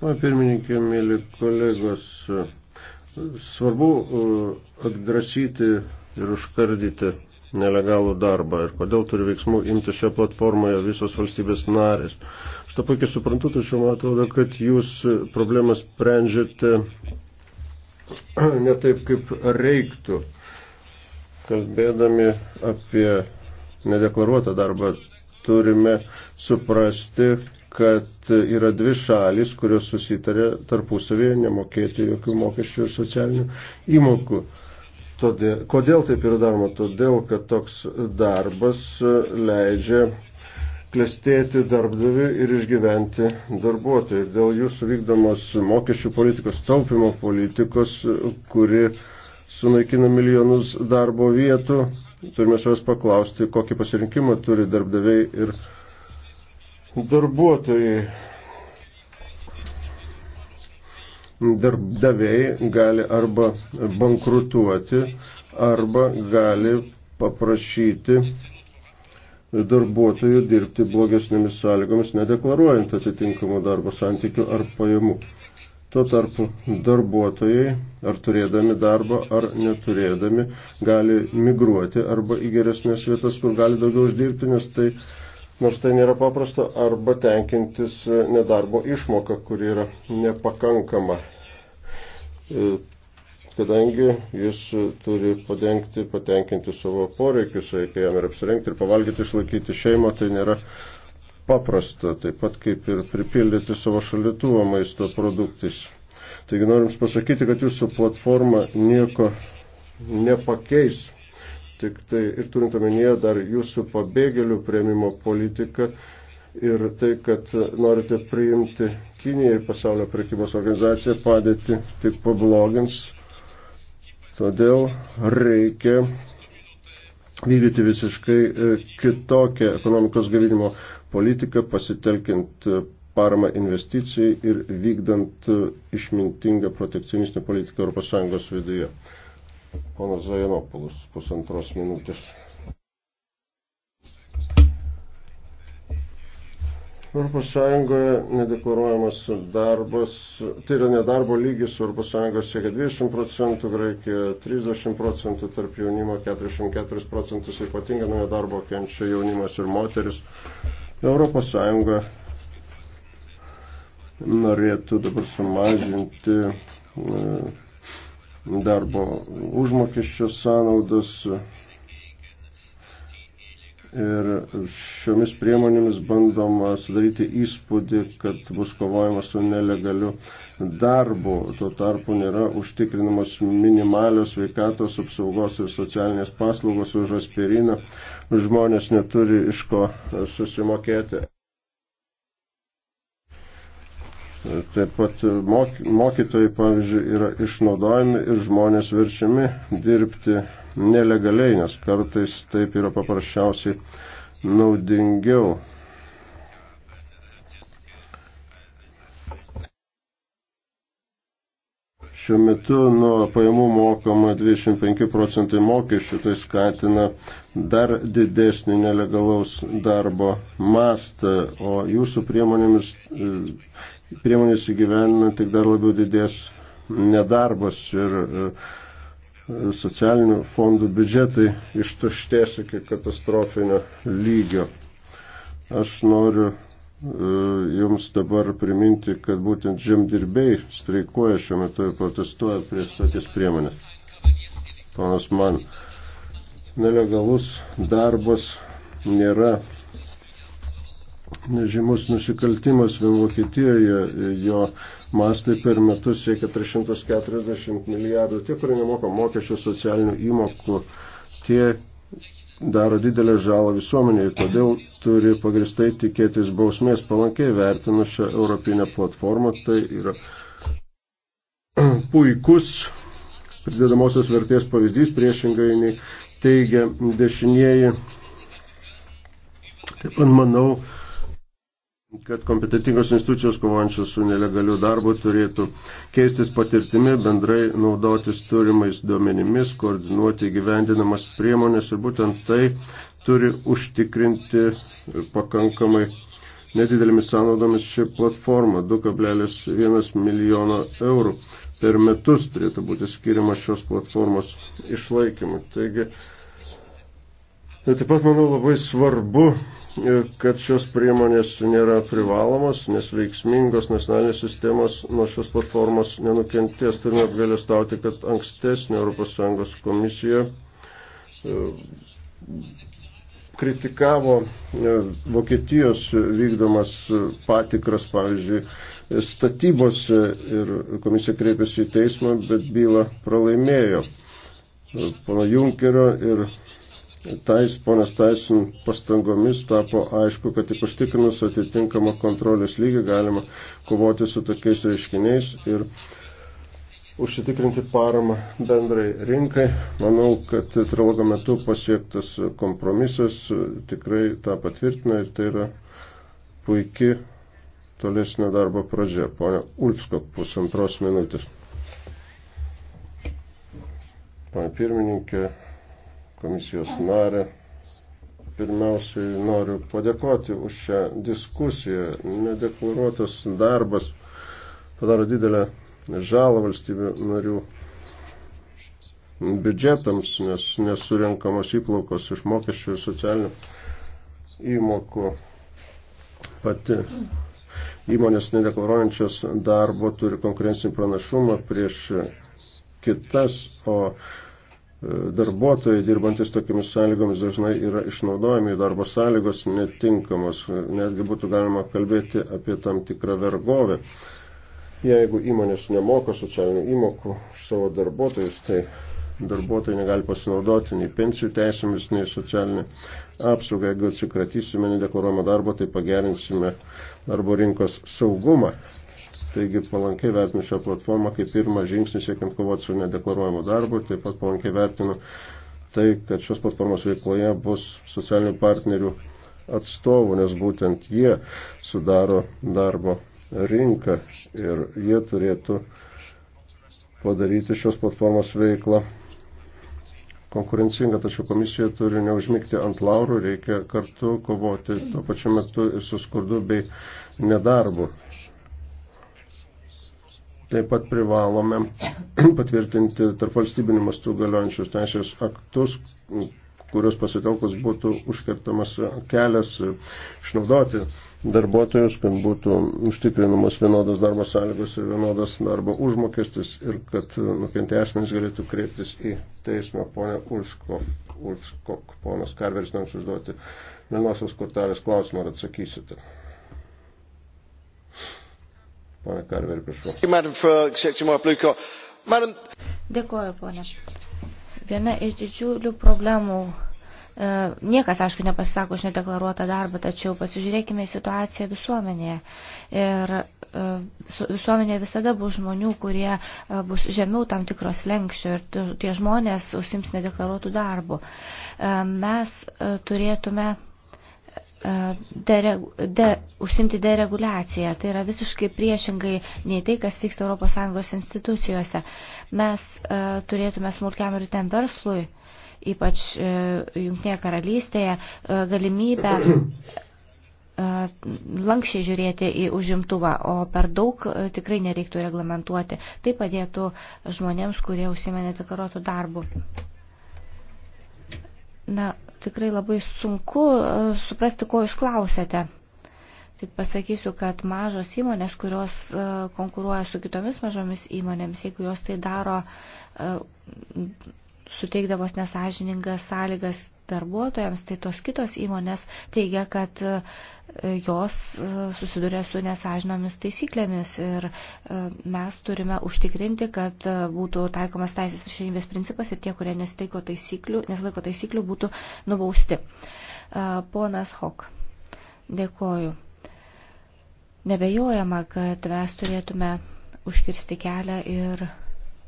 Na, pirmininkė, mėly kolegos, svarbu uh, atgrasyti ir užkardyti nelegalų darbą ir kodėl turi veiksmų imti šią platformą visos valstybės narės. Aš tą puikiai suprantu, tačiau man atrodo, kad jūs problemas sprendžiate ne taip, kaip reiktų, kalbėdami apie nedeklaruotą darbą. Turime suprasti, kad yra dvi šalis, kurios susitarė tarpusavėje nemokėti jokių mokesčių ir socialinių įmokų. Todėl, kodėl taip yra daroma? Todėl, kad toks darbas leidžia klestėti darbdavi ir išgyventi darbuotojai. Dėl jūsų vykdomos mokesčių politikos, taupimo politikos, kuri sunaikina milijonus darbo vietų, turime savęs paklausti, kokį pasirinkimą turi darbdaviai ir darbuotojai. Darbdaviai gali arba bankrutuoti, arba gali paprašyti darbuotojų dirbti blogesnėmis sąlygomis, nedeklaruojant atitinkamų darbo santykių ar pajamų. Tuo tarpu darbuotojai, ar turėdami darbą, ar neturėdami, gali migruoti arba į geresnės vietas, kur gali daugiau uždirbti, nes tai, nors tai nėra paprasta, arba tenkintis nedarbo išmoką, kuri yra nepakankama. E, kadangi jis turi padengti, patenkinti savo poreikius, reikia jam ir apsirengti, ir pavalgyti, išlaikyti šeimą, tai nėra paprasta, taip pat kaip ir pripildyti savo šalituvo maisto produktais. Taigi norim pasakyti, kad jūsų platforma nieko nepakeis. Tik tai ir turint omenyje dar jūsų pabėgėlių prieimimo politiką ir tai, kad norite priimti Kinijai pasaulio prekybos organizaciją padėti tik pablogins Todėl reikia vykdyti visiškai e, kitokią ekonomikos gavinimo politiką, pasitelkiant e, paramą investicijai ir vykdant e, išmintingą protekcionistinę politiką ES viduje. Ponas Zajanopoulos, pusantros minutės. ES nedeklaruojamas darbas, tai yra nedarbo lygis, ES siekia 20 procentų, Graikija 30 procentų, tarp jaunimo 44 procentus, ypatingai nuo nedarbo kenčia jaunimas ir moteris. ES norėtų dabar sumažinti e, darbo užmokesčio sąnaudas Ir šiomis priemonėmis bandoma sudaryti įspūdį, kad bus kovojama su nelegaliu darbu. Tuo tarpu nėra užtikrinamos minimalios sveikatos apsaugos ir socialinės paslaugos už aspiriną. Žmonės neturi iš ko susimokėti. Taip pat mokytojai, pavyzdžiui, yra išnaudojami ir žmonės verčiami dirbti nelegaliai, nes kartais taip yra paprasčiausiai naudingiau. Šiuo metu nuo pajamų mokama 25 procentai mokesčių, tai skatina dar didesnį nelegalaus darbo mastą, o jūsų priemonėmis, e, priemonės įgyvenina tik dar labiau didės nedarbas ir uh, socialinių fondų biudžetai ištuštės iki katastrofinio lygio. Aš noriu e, Jums dabar priminti, kad būtent žemdirbiai streikuoja šiuo metu ir protestuoja prieš tokias priemonės. Panas man, nelegalus darbas nėra nežymus nusikaltimas vien Vokietijoje, jo mastai per metus siekia 340 milijardų. Tie, kurie nemoka mokesčių socialinių įmokų, tie daro didelę žalą visuomeniai, todėl turi pagristai tikėtis bausmės palankiai vertinu šią europinę platformą. Tai yra puikus pridedamosios vertės pavyzdys priešingai nei teigia dešinieji. Taip pat manau, kad kompetitingos institucijos kovojančios su nelegaliu darbu turėtų keistis patirtimi, bendrai naudotis turimais duomenimis, koordinuoti gyvendinamas priemonės ir būtent tai turi užtikrinti pakankamai nedidelėmis sąnaudomis ši platforma 2,1 milijono eurų per metus turėtų būti skiriamas šios platformos išlaikymui. Taigi, taip pat manau labai svarbu kad šios priemonės nėra privalomos, nes veiksmingos nacionalinės sistemos nuo šios platformos nenukentės. Turime apgailestauti, kad ankstesnė ES komisija e, kritikavo e, Vokietijos vykdomas patikras, pavyzdžiui, statybose ir komisija kreipėsi į teismą, bet bylą pralaimėjo. E, pono Junkerio ir Tais, ponas Taisin pastangomis tapo aišku, kad tik užtikrinus atitinkamą kontrolės lygį galima kovoti su tokiais reiškiniais ir užsitikrinti paramą bendrai rinkai. Manau, kad trilogo metu pasiektas kompromisas tikrai tą patvirtina ir tai yra puikia tolesnė darbo pradžia. Pone Ulfsko, pusantros minutės. Pane pirmininkė, komisijos narę. Pirmiausiai noriu padėkoti už šią diskusiją. Nedeklaruotas darbas padaro didelę žalą valstybių narių biudžetams, nes nesurinkamos įplaukos iš mokesčių ir socialinių įmokų. Pati įmonės nedeklaruojančios darbo turi konkurencinį pranašumą prieš kitas, o darbuotojai dirbantis tokiamis sąlygomis dažnai yra išnaudojami, darbo sąlygos netinkamos, netgi būtų galima kalbėti apie tam tikrą vergovę. Jeigu įmonės nemoka socialinių įmokų už savo darbuotojus, tai darbuotojai negali pasinaudoti nei pensijų teisėmis, nei socialinė apsauga. Jeigu atsikratysime nedeklaruojamo darbo, tai pagerinsime darbo rinkos saugumą. Taigi palankiai vertinu šią platformą kaip pirmą žingsnį siekiant kovoti su nedeklaruojamu darbu ir taip pat palankiai vertinu tai, kad šios platformos veikloje bus socialinių partnerių atstovų, nes būtent jie sudaro darbo rinką ir jie turėtų padaryti šios platformos veiklą konkurencinga, tačiau komisija turi neužmygti ant laurų, reikia kartu kovoti tuo pačiu metu ir su skurdu bei nedarbu. Taip pat privalome patvirtinti tarp valstybinių mastų galiojančius teisės aktus, kurios pasitelkus būtų užkirtamas kelias išnaudoti darbuotojus, kad būtų užtikrinamos vienodas darbo sąlygos ir vienodas darbo užmokestis ir kad nukentėję asmenys galėtų kreiptis į teismą. Pone Ulskok, Ulskok ponas Karveris, nors užduoti Milnosios kortelės klausimą, ar atsakysite. Pane Karveri, prašau. Dėkuoju, ponė. Viena iš didžiulių problemų e, niekas, aišku, nepasisako už nedeklaruotą darbą, tačiau pasižiūrėkime į situaciją visuomenėje. Ir e, visuomenėje visada bus žmonių, kurie e, bus žemiau tam tikros lenkščio ir tie žmonės užsims nedeklaruotų darbų. Mes turėtume E, de, de, užsimti dereguliaciją. Tai yra visiškai priešingai nei tai, kas vyksta ES institucijose. Mes e, turėtume smulkiam ir ten verslui, ypač e, Junktinėje karalystėje, e, galimybę e, lankščiai žiūrėti į užimtuvą, o per daug e, tikrai nereiktų reglamentuoti. Tai padėtų žmonėms, kurie užsimenė deklaruotų darbų. Na, tikrai labai sunku e, suprasti, ko jūs klausėte. Tik pasakysiu, kad mažos įmonės, kurios e, konkuruoja su kitomis mažomis įmonėmis, jeigu jos tai daro, e, suteikdavos nesažiningas sąlygas darbuotojams, tai tos kitos įmonės teigia, kad e, jos e, susiduria su nesažinomis taisyklėmis ir e, mes turime užtikrinti, kad būtų taikomas teisės viršienybės principas ir tie, kurie nesitaiko taisyklių, nesilaiko taisyklių, būtų nubausti. Ponas Hok, dėkoju. Nebejojama, kad mes turėtume užkirsti kelią ir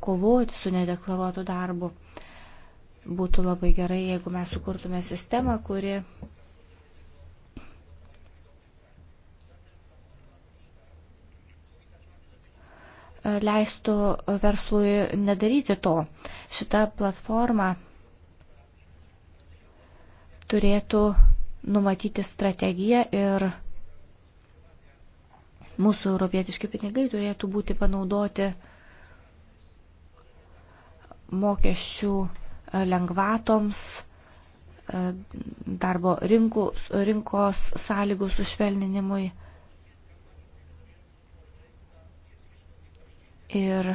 kovoti su nedeklaruotu darbu būtų labai gerai, jeigu mes sukurtume sistemą, kuri leistų verslui nedaryti to. Šita platforma turėtų numatyti strategiją ir mūsų europietiški pinigai turėtų būti panaudoti mokesčių lengvatoms, e, darbo rinkų, rinkos sąlygų sušvelninimui. Ir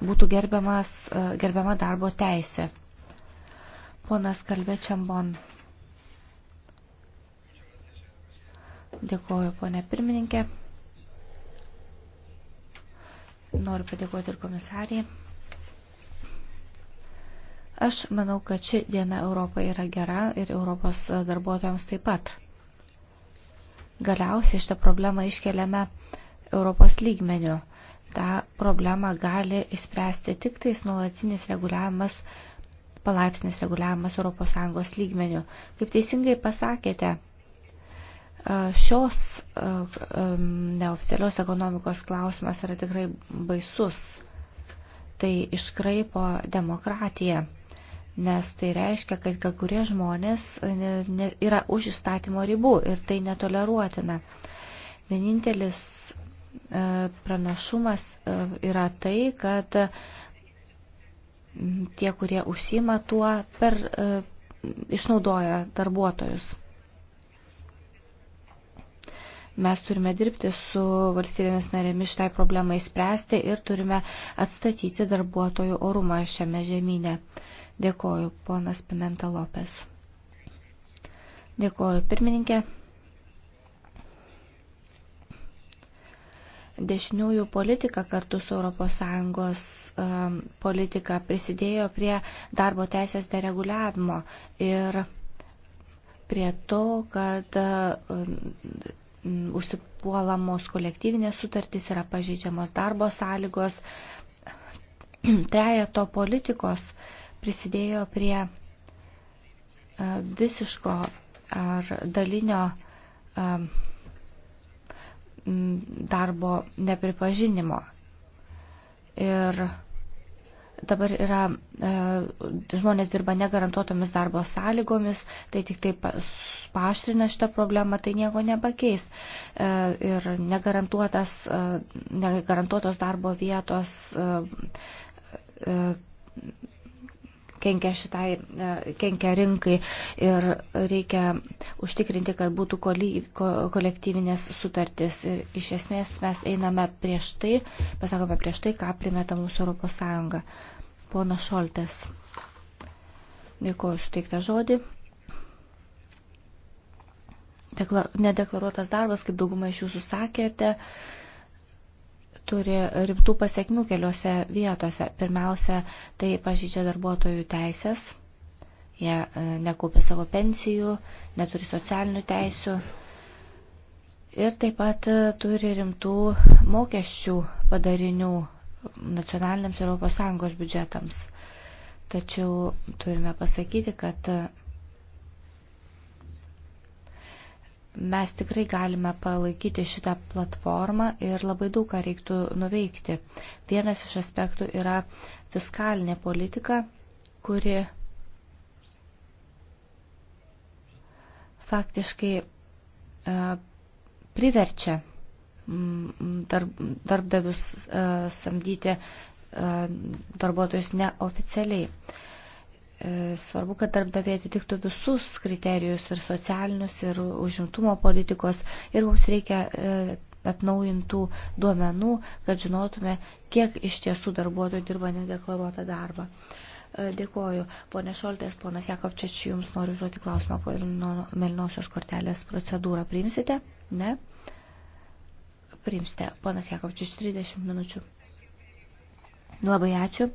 būtų gerbiamas, e, gerbiama darbo teisė. Ponas Kalvė Čambon. Dėkuoju, ponė pirmininkė. noriu padėkoti ir komisariai. Aš manau, kad ši diena Europoje yra gera ir Europos darbuotojams taip pat. Galiausiai šitą problemą iškeliame Europos lygmeniu. Ta problema gali išspręsti tik tais nuolatinis reguliavimas, palaipsnis reguliavimas ES lygmeniu. Kaip teisingai pasakėte, Šios neoficialios ekonomikos klausimas yra tikrai baisus. Tai iškraipo demokratiją nes tai reiškia, kad kai kurie žmonės yra už įstatymo ribų ir tai netoleruotina. Vienintelis pranašumas yra tai, kad tie, kurie užsima tuo, per, išnaudoja darbuotojus. Mes turime dirbti su valstybėmis narėmis šitai problemai spręsti ir turime atstatyti darbuotojų orumą šiame žemynė. Dėkoju, ponas Pimenta Lopes. Dėkoju, pirmininkė. dešiniųjų politika kartu su ES um, politika prisidėjo prie darbo teisės dereguliavimo ir prie to, kad um, Mm, užsipuolamos kolektyvinės sutartys, yra pažeidžiamos darbo sąlygos. Trejato politikos prisidėjo prie e, visiško ar dalinio e, mm, darbo nepripažinimo. Ir dabar yra e, žmonės dirba negarantuotomis darbo sąlygomis, tai tik taip paaštrina šitą problemą, tai nieko nepakeis. E, ir negarantuotas, e, negarantuotos darbo vietos. E, e, kenkia šitai, e, kenkia rinkai ir reikia užtikrinti, kad būtų kolektyvinės sutartis. Ir iš esmės mes einame prieš tai, pasakome prieš tai, ką primeta mūsų Europos Sąjunga. Pona Šoltas. Dėkuoju suteiktą žodį. Dekla, nedeklaruotas darbas, kaip dauguma iš jūsų sakėte, uh, turi rimtų pasiekmių keliose vietose. Pirmiausia, tai pažydžia darbuotojų teisės, jie e, nekaupia savo pensijų, neturi socialinių teisių ir taip pat e, turi rimtų mokesčių padarinių nacionaliniams ES biudžetams. Tačiau turime pasakyti, kad Mes tikrai galime palaikyti šitą platformą ir labai daug ką reiktų nuveikti. Vienas iš aspektų yra fiskalinė politika, kuri faktiškai e, priverčia darbdavius e, samdyti e, darbuotojus neoficialiai. E, svarbu, kad darbdaviai atitiktų visus kriterijus ir socialinius, ir užimtumo politikos, ir mums reikia e, atnaujintų duomenų, kad žinotume, kiek iš tiesų darbuotojų dirba nedeklaruotą darbą. E, dėkoju. Pone Šoltės, ponas Jakovčič, jums noriu užduoti klausimą po melnosios kortelės procedūrą. Priimsite? Ne? Priimsite. Ponas Jakovčič, 30 minučių. Labai ačiū.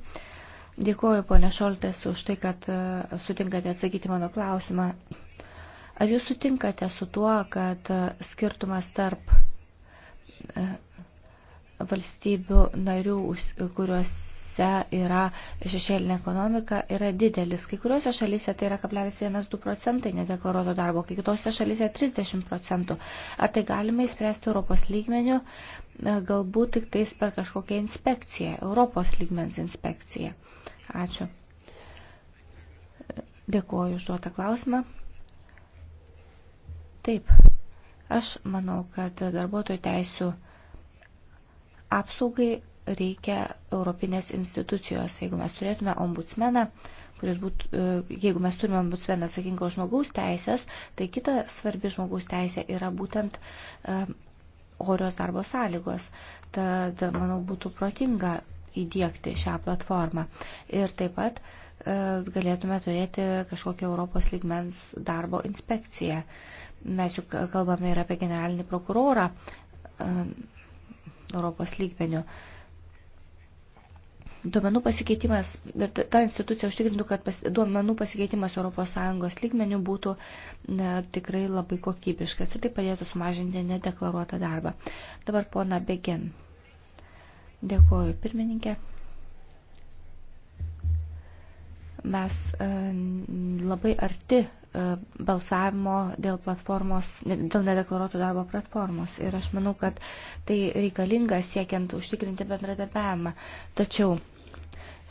Dėkuoju, ponė Šoltės, už tai, kad e, sutinkate atsakyti mano klausimą. Ar jūs sutinkate su tuo, kad e, skirtumas tarp e, valstybių narių, kuriuos kuriuose yra šešėlinė ekonomika, yra didelis. Kai kuriuose šalyse tai yra 0,12 procentai nedeklaruoto darbo, kai kitose šalyse 30 procentų. Ar tai galime įspręsti Europos lygmenių, e, galbūt tik tais per kažkokią inspekciją, Europos lygmens inspekciją. Ačiū. Dėkuoju užduotą klausimą. Taip, aš manau, kad darbuotojų teisų apsaugai reikia Europinės institucijos. Jeigu mes turėtume ombudsmeną, kuris būtų, e, jeigu mes turime ombudsmeną atsakingą žmogaus teisės, tai kita svarbi žmogaus teisė yra būtent e, orios darbo sąlygos. Tad, manau, būtų protinga įdėkti šią platformą. Ir taip pat e, galėtume turėti kažkokią Europos lygmens darbo inspekciją. Mes juk kalbame ir apie generalinį prokurorą Europos lygmenių duomenų pasikeitimas, ta institucija užtikrintų, kad pas, duomenų pasikeitimas ES lygmenių būtų ne, tikrai labai kokybiškas ir tai padėtų sumažinti nedeklaruotą darbą. Dabar pona Begin. Dėkuoju, pirmininkė. Mes e, labai arti e, balsavimo dėl platformos, dėl nedeklaruoto darbo platformos. Ir aš manau, kad tai reikalinga siekiant užtikrinti bendradarbiavimą. Tačiau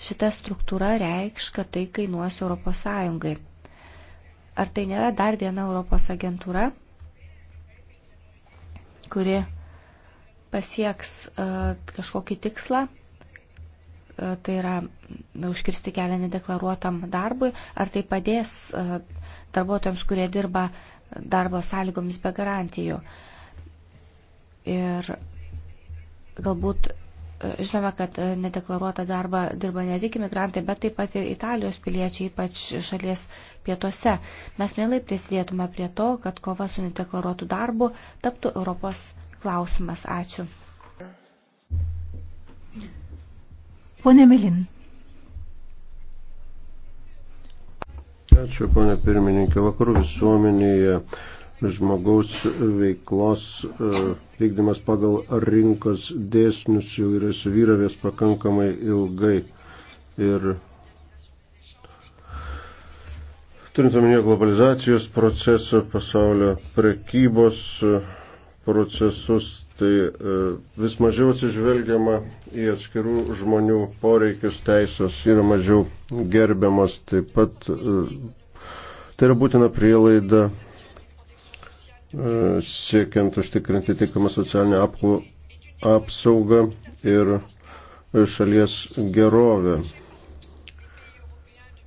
šita struktūra reikš, kad tai kainuos Europos Sąjungai. Ar tai nėra dar viena Europos agentūra, kuri pasieks uh, kažkokį tikslą, uh, tai yra užkirsti kelią nedeklaruotam darbui, ar tai padės uh, darbuotojams, kurie dirba darbo sąlygomis be garantijų. Ir galbūt Žinome, kad nedeklaruotą darbą dirba ne tik imigrantai, bet taip pat ir Italijos piliečiai, ypač šalies pietuose. Mes mielai prisidėtume prie to, kad kova su nedeklaruotu darbu taptų Europos klausimas. Ačiū. Pone Melin. Ačiū, ponė pirmininkė. Vakarų visuomenėje žmogaus veiklos e, vykdymas pagal rinkos dėsnius jau yra suvyravęs pakankamai ilgai. Ir turint omenyje globalizacijos procesą, pasaulio prekybos procesus, tai e, vis mažiau atsižvelgiama į atskirų žmonių poreikius teisės, yra mažiau gerbiamas taip pat. E, tai yra būtina prielaida E, siekiant užtikrinti tikamą socialinę apsaugą ir e, šalies gerovę.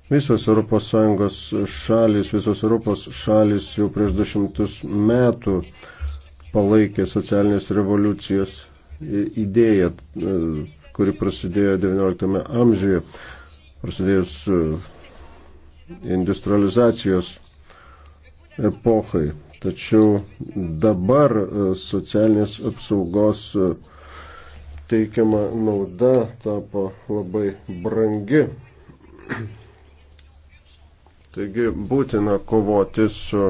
Visos ES šalis, visos Europos šalis jau prieš 200 metų palaikė socialinės revoliucijos idėją, e, kuri prasidėjo XIX amžiuje, prasidėjus industrializacijos epochai. Tačiau dabar e, socialinės apsaugos e, teikiama nauda tapo labai brangi. Taigi būtina kovoti su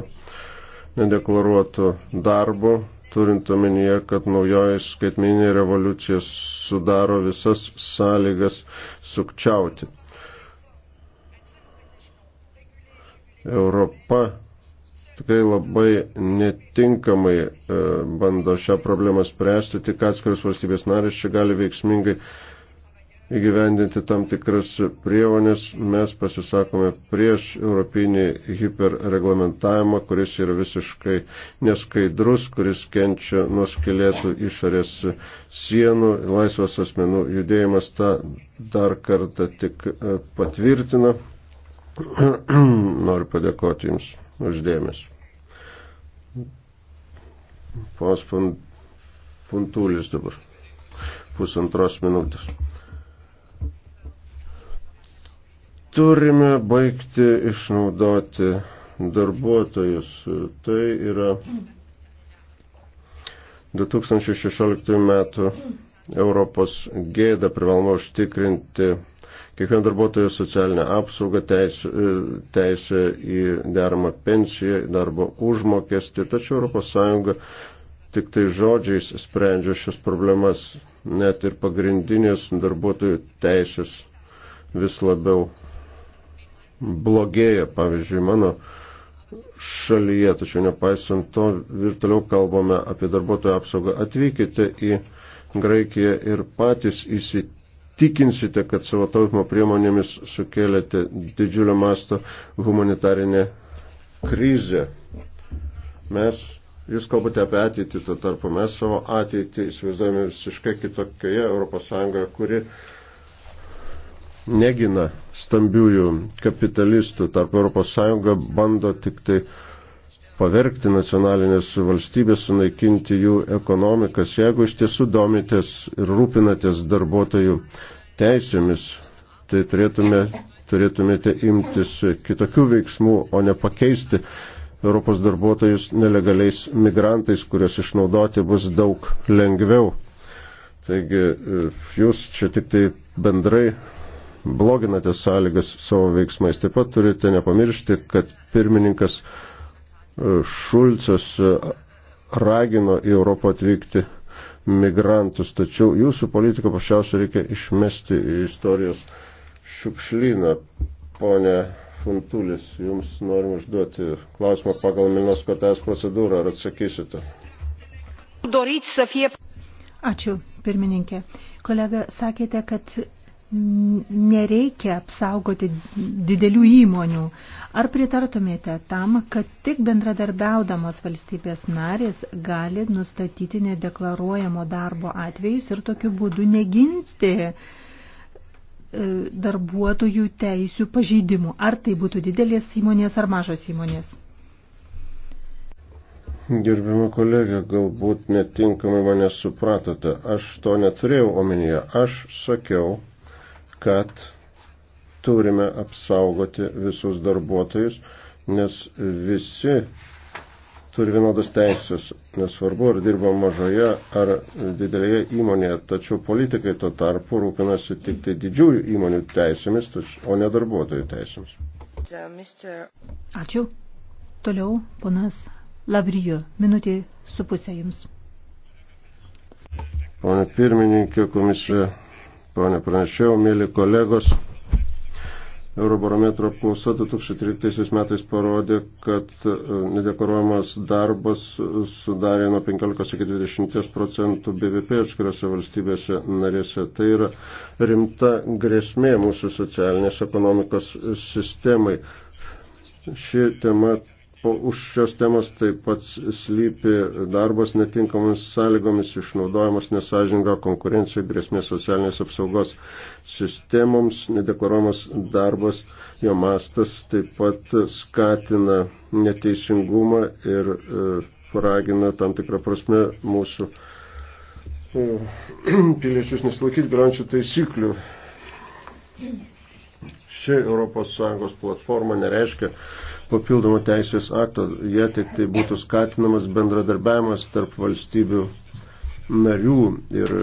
nedeklaruotu darbu, turint omenyje, kad naujoji skaitminė revoliucija sudaro visas sąlygas sukčiauti. Europa tikrai labai netinkamai e, bando šią problemą spręsti, tik atskiras valstybės narės čia gali veiksmingai įgyvendinti tam tikras priemonės. Mes pasisakome prieš europinį hiperreglamentavimą, kuris yra visiškai neskaidrus, kuris kenčia nuo skilėtų išorės sienų. Laisvas asmenų judėjimas tą dar kartą tik e, patvirtina. Noriu padėkoti Jums uždėmesi. Ponas Funtulis dabar. Pusantros minutės. Turime baigti išnaudoti darbuotojus. Tai yra 2016 metų Europos gėda privaloma užtikrinti kiekvieno darbuotojo socialinę apsaugą, teisę, e, teisę į deramą pensiją, darbo užmokestį, tačiau ES tik tai žodžiais sprendžia šias problemas, net ir pagrindinės darbuotojų teisės vis labiau blogėja, pavyzdžiui, mano šalyje, tačiau nepaisant to ir toliau kalbame apie darbuotojų apsaugą. Atvykite į Graikiją ir patys įsitikinkite tikinsite, kad savo taupimo priemonėmis sukėlėte didžiulio masto humanitarinę krizę. Mes, jūs kalbate apie ateitį, to tarpu mes savo ateitį įsivaizduojame visiškai kitokioje ES, kuri negina stambiųjų kapitalistų, tarp ES bando tik tai uh, pavergti nacionalinės valstybės, sunaikinti jų ekonomikas. Jeigu iš tiesų domitės ir rūpinatės darbuotojų teisėmis, tai turėtume, turėtumėte imtis kitokių veiksmų, o ne pakeisti Europos darbuotojus nelegaliais migrantais, kurias išnaudoti bus daug lengviau. Taigi jūs čia tik tai bendrai bloginate sąlygas savo veiksmais. Taip pat turite nepamiršti, kad pirmininkas Šulcas e, ragino į Europą atvykti migrantus, tačiau jūsų politiką pašiausiai reikia išmesti į istorijos šiukšlyną. Pone Funtulis, jums norim užduoti klausimą pagal Milnos kortelės procedūrą, ar atsakysite? Ačiū, pirmininkė. Kolega, sakėte, kad nereikia apsaugoti didelių įmonių. Ar pritartumėte tam, kad tik bendradarbiaudamos valstybės narės gali nustatyti nedeklaruojamo darbo atvejus ir tokiu būdu neginti e, darbuotojų teisių pažeidimų? Ar tai būtų didelės įmonės ar mažos įmonės? Gerbimo kolegė, galbūt netinkamai mane supratote. Aš to neturėjau omenyje. Aš sakiau, kad turime apsaugoti visus darbuotojus, nes visi turi vienodas teisės, nesvarbu, ar dirba mažoje ar didelėje įmonėje, tačiau politikai tuo tarpu rūpinasi tik tai didžiųjų įmonių teisėmis, o ne darbuotojų teisėmis. Ačiū. Toliau ponas Lavrijo, minutė su pusė jums. Pone pirmininkė, komisija Pane pranešėjau, mėly kolegos, Eurobarometro apklausa 2013 metais parodė, kad e, nedeklaruojamas darbas sudarė nuo 15 iki 20 procentų BVP atskiriuose valstybėse narėse. Tai yra rimta grėsmė mūsų socialinės ekonomikos sistemai. Ši tema po už šios temos taip pat slypi darbas netinkamomis sąlygomis, išnaudojimas nesažininga konkurencija, grėsmė socialinės apsaugos sistemoms, nedeklaruojamas darbas, jo mastas taip pat skatina neteisingumą ir e, paragina tam tikrą prasme mūsų e, piliečius nesilaikyti grančių taisyklių. Ši ES platforma nereiškia, papildomų teisės akto, jie tik tai būtų skatinamas bendradarbiavimas tarp valstybių narių ir e,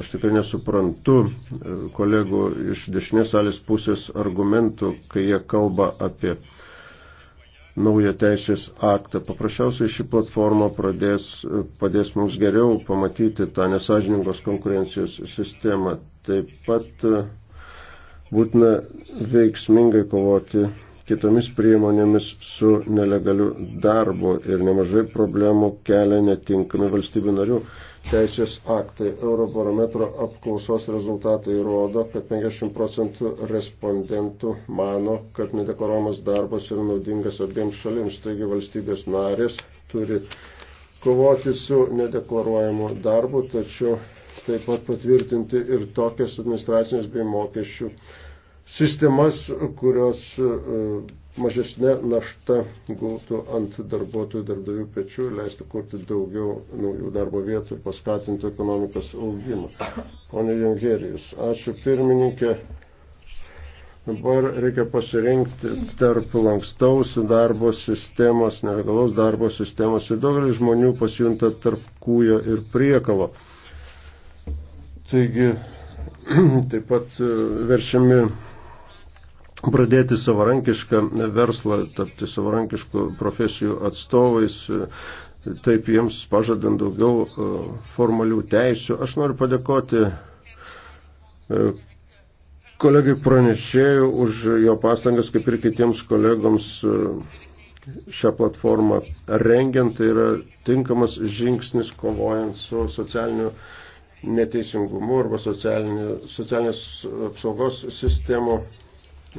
aš tikrai nesuprantu e, kolegų iš dešinės salės pusės argumentų, kai jie kalba apie naują teisės aktą. Paprasčiausiai ši platforma pradės, e, padės mums geriau pamatyti tą nesažiningos konkurencijos sistemą. Taip pat būtina veiksmingai kovoti kitomis priemonėmis su nelegaliu darbu ir nemažai problemų kelia netinkami valstybių narių teisės aktai. Eurobarometro apklausos rezultatai rodo, kad 50 procentų respondentų mano, kad nedeklaruojamas darbas yra naudingas abiems šalims, taigi valstybės narės turi kovoti su nedeklaruojamu darbu, tačiau taip pat patvirtinti ir tokias administracinės bei mokesčių sistemas, kurios e, mažesnė našta gultų ant darbuotojų darbdavių pečių ir leistų kurti daugiau naujų darbo vietų ir paskatinti ekonomikos augimą. Pone Jungerijus, ačiū pirmininkė. Dabar reikia pasirinkti tarp lankstaus darbo sistemos, negalaus darbo sistemos ir daugelis žmonių pasijunta tarp kūjo ir priekalo. Taigi, taip pat e, verčiami pradėti savarankišką verslą, tapti savarankiškų profesijų atstovais, taip jiems pažadant daugiau e, formalių teisių. Aš noriu padėkoti e, kolegai pranešėjų už jo pastangas, kaip ir kitiems kolegoms e, šią platformą rengiant. Tai yra tinkamas žingsnis kovojant su socialiniu neteisingumu arba socialinės apsaugos sistemo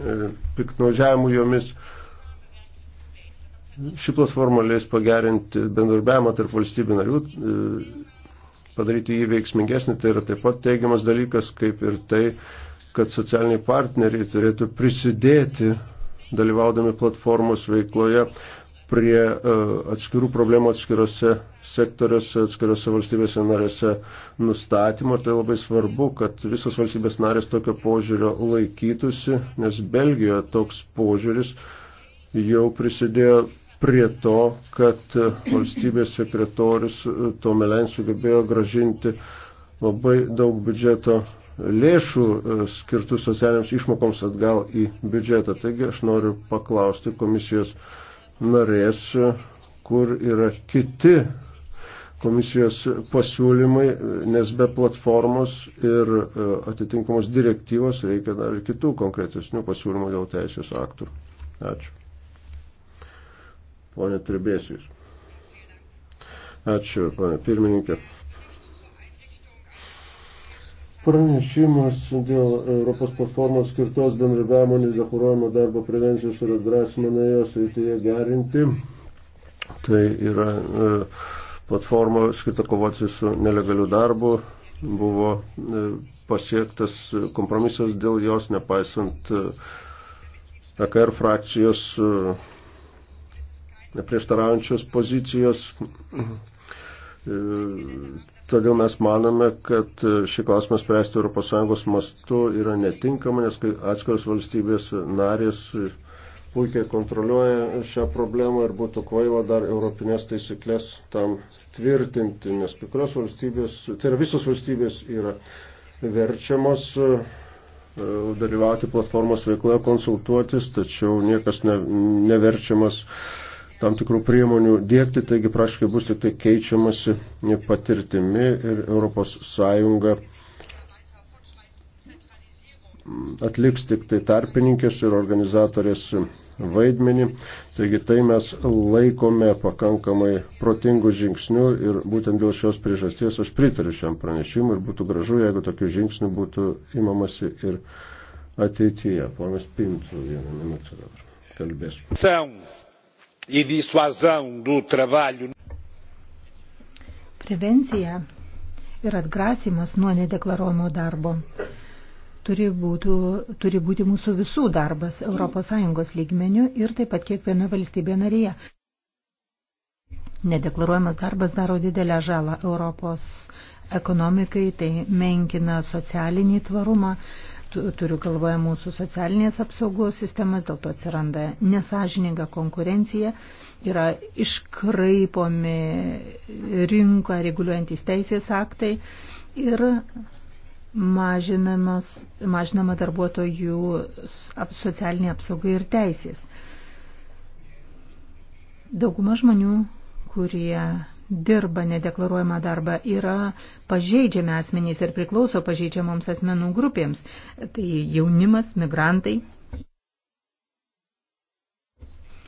E, piknaudžiavimų jomis. Ši platforma leis pagerinti bendarbiavimą tarp valstybių narių, e, padaryti jį veiksmingesnį, tai yra taip pat teigiamas dalykas, kaip ir tai, kad socialiniai partneriai turėtų prisidėti dalyvaudami platformos veikloje prie e, atskirų problemų atskirose sektoriuose, atskirose valstybėse narėse nustatymo. Ir tai labai svarbu, kad visos valstybės narės tokio požiūrio laikytųsi, nes Belgijoje toks požiūris jau prisidėjo prie to, kad valstybės sekretorius e, Tomelein sugebėjo gražinti labai daug biudžeto lėšų e, skirtų socialiniams išmokoms atgal į biudžetą. Taigi aš noriu paklausti komisijos narės, kur yra kiti komisijos pasiūlymai, nes be platformos ir e, atitinkamos direktyvos reikia dar ir kitų konkretesnių pasiūlymų dėl teisės aktų. Ačiū. Pone Trebėsijus. Ačiū, pane pirmininkė. Pranešimas dėl Europos platformos skirtos bendradarbiavimo nedeklaruojamo darbo prevencijos ir atgrasimo na jos rytyje gerinti. Tai yra e, platforma skirta kovoti su nelegaliu darbu. Buvo e, pasiektas kompromisas dėl jos, nepaisant AKR e, frakcijos neprieštaraujančios pozicijos Todėl mes manome, kad šį klausimą spręsti ES mastu yra netinkama, nes kai atskiros valstybės narės puikiai kontroliuoja šią problemą ir būtų kvaila dar europinės taisyklės tam tvirtinti, nes kai kurios valstybės, tai yra visos valstybės yra verčiamos e, dalyvauti platformos veikloje, konsultuotis, tačiau niekas ne, neverčiamas tam tikrų priemonių dėkti, taigi praškai bus tik tai keičiamasi patirtimi ir ES atliks tik tai tarpininkės ir organizatorės vaidmenį. Taigi tai mes laikome pakankamai protingų žingsnių ir būtent dėl šios priežasties aš pritariu šiam pranešimui ir būtų gražu, jeigu tokių žingsnių būtų imamasi ir ateityje. Ponas Pintų vieną minutę dabar kalbės. Sėm e dissuasão do trabalho. Prevencija ir atgrasimas nuo nedeklaruojamo darbo turi, būtų, turi būti mūsų visų darbas ES lygmenių ir taip pat kiekviena valstybė narėje. Nedeklaruojamas darbas daro didelę žalą Europos ekonomikai, tai menkina socialinį tvarumą, turiu galvoje mūsų socialinės apsaugos sistemas, dėl to atsiranda nesažininga konkurencija, yra iškraipomi rinką reguliuojantys teisės aktai ir mažinama darbuotojų socialinė apsauga ir teisės. Dauguma žmonių, kurie dirba nedeklaruojamą darbą, yra pažeidžiami asmenys ir priklauso pažeidžiamoms asmenų grupėms. Tai jaunimas, migrantai.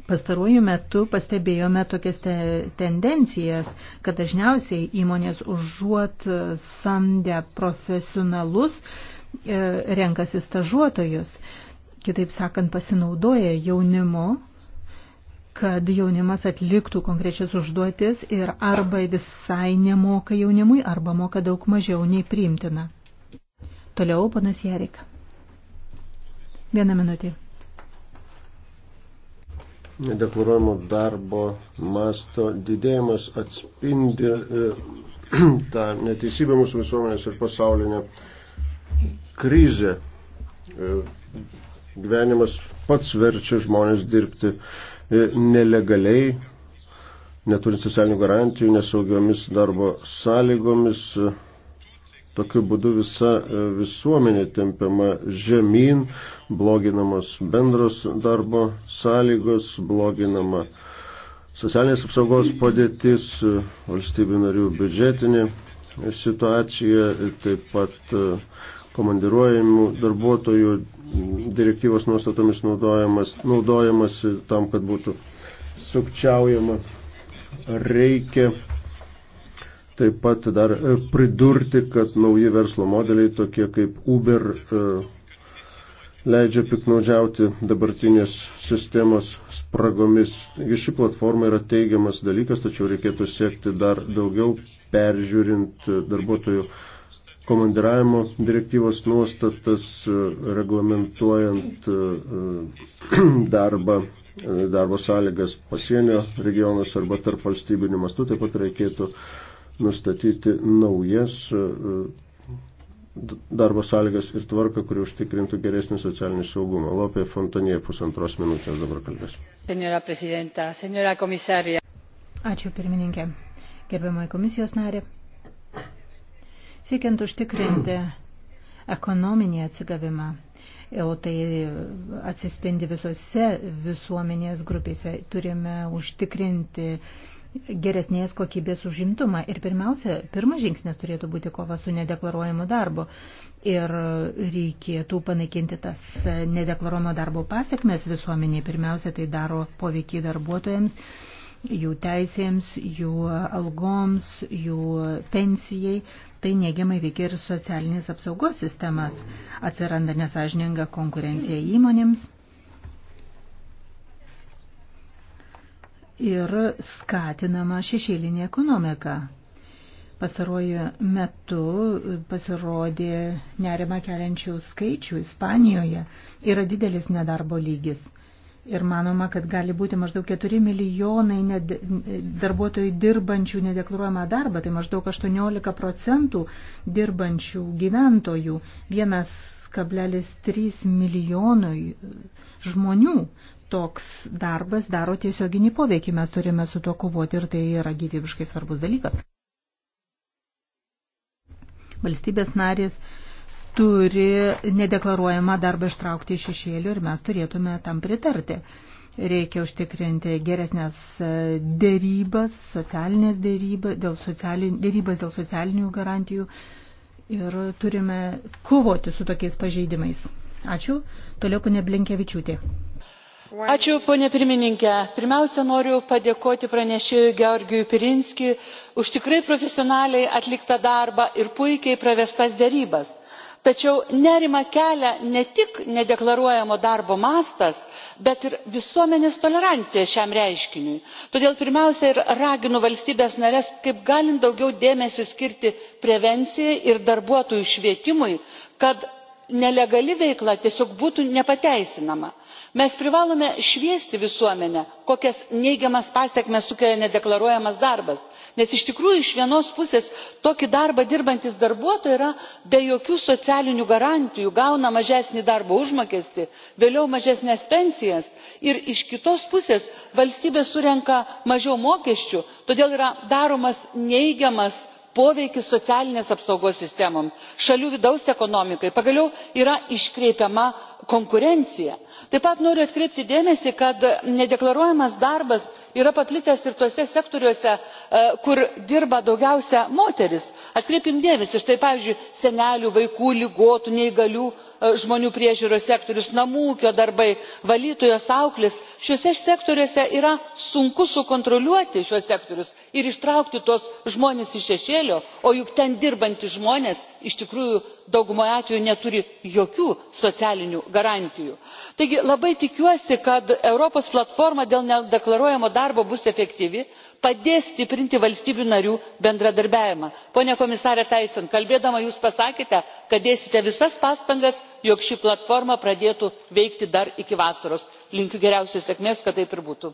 Pastaruoju metu pastebėjome tokias te tendencijas, kad dažniausiai įmonės užuot samdę profesionalus e, renkasi stažuotojus. Kitaip sakant, pasinaudoja jaunimu kad jaunimas atliktų konkrečias užduotis ir arba visai nemoka jaunimui, arba moka daug mažiau nei priimtina. Toliau panas Jarika. Vieną minutį. Deklaruojamo darbo masto didėjimas atspindi e, tą neteisybę mūsų visuomenės ir pasaulinę krizę. E, gyvenimas pats verčia žmonės dirbti E, nelegaliai, neturint socialinių garantijų, nesaugiomis darbo sąlygomis. Tokiu būdu visa e, visuomenė tempiama žemyn, bloginamos bendros darbo sąlygos, bloginama socialinės apsaugos padėtis, e, valstybių narių biudžetinė situacija, taip pat komandiruojamų darbuotojų direktyvos nuostatomis naudojamas, naudojamas tam, kad būtų sukčiaujama. Reikia taip pat dar e, pridurti, kad nauji verslo modeliai, tokie kaip Uber, e, leidžia piknaudžiauti dabartinės sistemos spragomis. Taigi ši platforma yra teigiamas dalykas, tačiau reikėtų siekti dar daugiau peržiūrint darbuotojų komandiravimo direktyvos nuostatas, e, reglamentuojant e, e, darbą, darbo sąlygas pasienio regionas arba tarp valstybinių mastų, taip pat reikėtų nustatyti naujas darbo sąlygas ir tvarką, kuri užtikrintų geresnį socialinį saugumą. Lopė Fontanė pusantros minutės dabar kalbės. Senora prezidenta, senora komisarija. Ačiū pirmininkė. Gerbiamoji komisijos narė siekiant užtikrinti ekonominį atsigavimą. E, o tai atsispindi visose visuomenės grupėse. Turime užtikrinti geresnės kokybės užimtumą. Ir pirmiausia, pirmas žingsnis turėtų būti kova su nedeklaruojamu darbu. Ir reikėtų panaikinti tas nedeklaruojamo darbo pasiekmes visuomeniai. Pirmiausia, tai daro poveikį darbuotojams, jų teisėms, jų algoms, jų pensijai tai neigiamai veikia ir socialinės apsaugos sistemas, atsiranda nesažininga konkurencija įmonėms ir skatinama šešėlinė ekonomika. Pastaruoju metu pasirodė nerima keliančių skaičių Ispanijoje, yra didelis nedarbo lygis ir manoma, kad gali būti maždaug 4 milijonai darbuotojų dirbančių nedeklaruojamą darbą, tai maždaug 18 procentų dirbančių gyventojų, 1,3 milijonui žmonių toks darbas daro tiesioginį poveikį, mes turime su tuo kovoti ir tai yra gyvybiškai svarbus dalykas. Valstybės narės turi nedeklaruojamą darbą ištraukti iš šešėlių ir mes turėtume tam pritarti. Reikia užtikrinti geresnės e, dėrybas, socialinės dėrybas, dėl socialin, dėrybas dėl socialinių garantijų ir turime kovoti su tokiais pažeidimais. Ačiū. Toliau ponė Blinkevičiūtė. Ačiū, ponė pirmininkė. Pirmiausia, noriu padėkoti pranešėjui Georgijui Pirinskijui už tikrai profesionaliai atliktą darbą ir puikiai pravestas dėrybas tačiau nerimą kelia ne tik nedeklaruojamo darbo mastas bet ir visuomenės tolerancija šiam reiškiniui todėl pirmiausia ir raginu valstybes nares kaip galint daugiau dėmesio skirti prevencijai ir darbuotojų švietimui kad nelegali veikla tiesiog būtų nepateisinama mes privalome šviesti visuomenę kokias neigiamas pasekmes sukelia nedeklaruojamas darbas nes iš tikrųjų iš vienos pusės tokį darbą dirbantys darbuotojai be jokių socialinių garantijų gauna mažesnį darbo užmokestį vėliau mažesnes pensijas ir iš kitos pusės valstybė surenka mažiau mokesčių todėl yra daromas neigiamas poveikis socialinės apsaugos sistemoms šalių vidaus ekonomikai pagaliau yra iškreipiama konkurenciją. taip pat noriu atkreipti dėmesį kad nedeklaruojamas darbas yra paplitęs ir tuose sektoriuose e, kur dirba daugiausia moterys. atkreipkime dėmesį štai pavyzdžiui senelių vaikų ligotų neįgalių e, žmonių priežiūros sektorius namų ūkio darbai valytojos auklės šiuose sektoriuose yra sunku sukontroliuoti šiuos sektorius ir ištraukti tuos žmones iš šešėlio o juk ten dirbantys žmonės iš tikrųjų daugumoje atvejų neturi jokių socialinių garantijų. taigi labai tikiuosi kad europos platforma dėl nedeklaruojamo darbo bus efektyvi padės stiprinti valstybių narių bendradarbiavimą. pone komisare thyssen kalbėdama jūs pasakėte kad dėsite visas pastangas jog ši platforma pradėtų veikti dar iki vasaros. linkiu geriausios sėkmės kad taip ir būtų.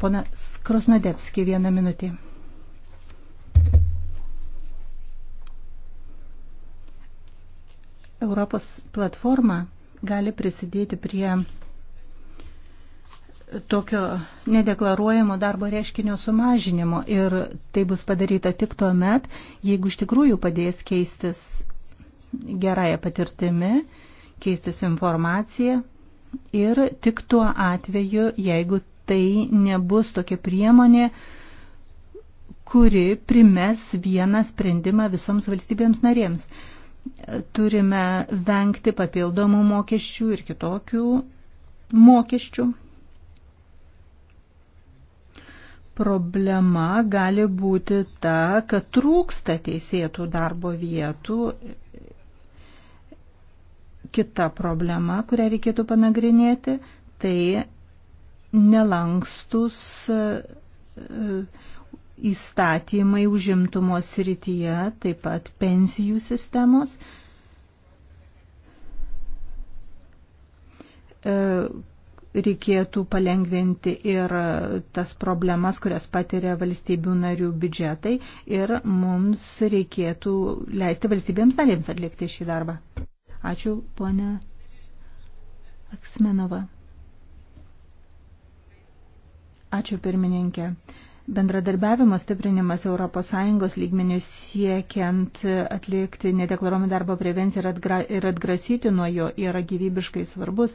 Pone Skrosnodevski, vieną minutį. Europos platforma gali prisidėti prie tokio nedeklaruojamo darbo reiškinio sumažinimo ir tai bus padaryta tik tuo met, jeigu iš tikrųjų padės keistis gerąją patirtimi keistis informacija ir tik tuo atveju, jeigu tai nebus tokia priemonė, kuri primes vieną sprendimą visoms valstybėms narėms. Turime vengti papildomų mokesčių ir kitokių mokesčių. Problema gali būti ta, kad trūksta teisėtų darbo vietų kita problema, kurią reikėtų panagrinėti, tai nelankstus e, įstatymai užimtumo srityje, taip pat pensijų sistemos, e, reikėtų palengventi ir tas problemas, kurias patiria valstybių narių biudžetai ir mums reikėtų leisti valstybėms narėms atlikti šį darbą. Ačiū, ponė Aksmenova. Ačiū, pirmininkė. Bendradarbiavimo stiprinimas ES lygmenių siekiant atlikti nedeklaruomį darbo prevenciją ir, atgra ir atgrasyti nuo jo yra gyvybiškai svarbus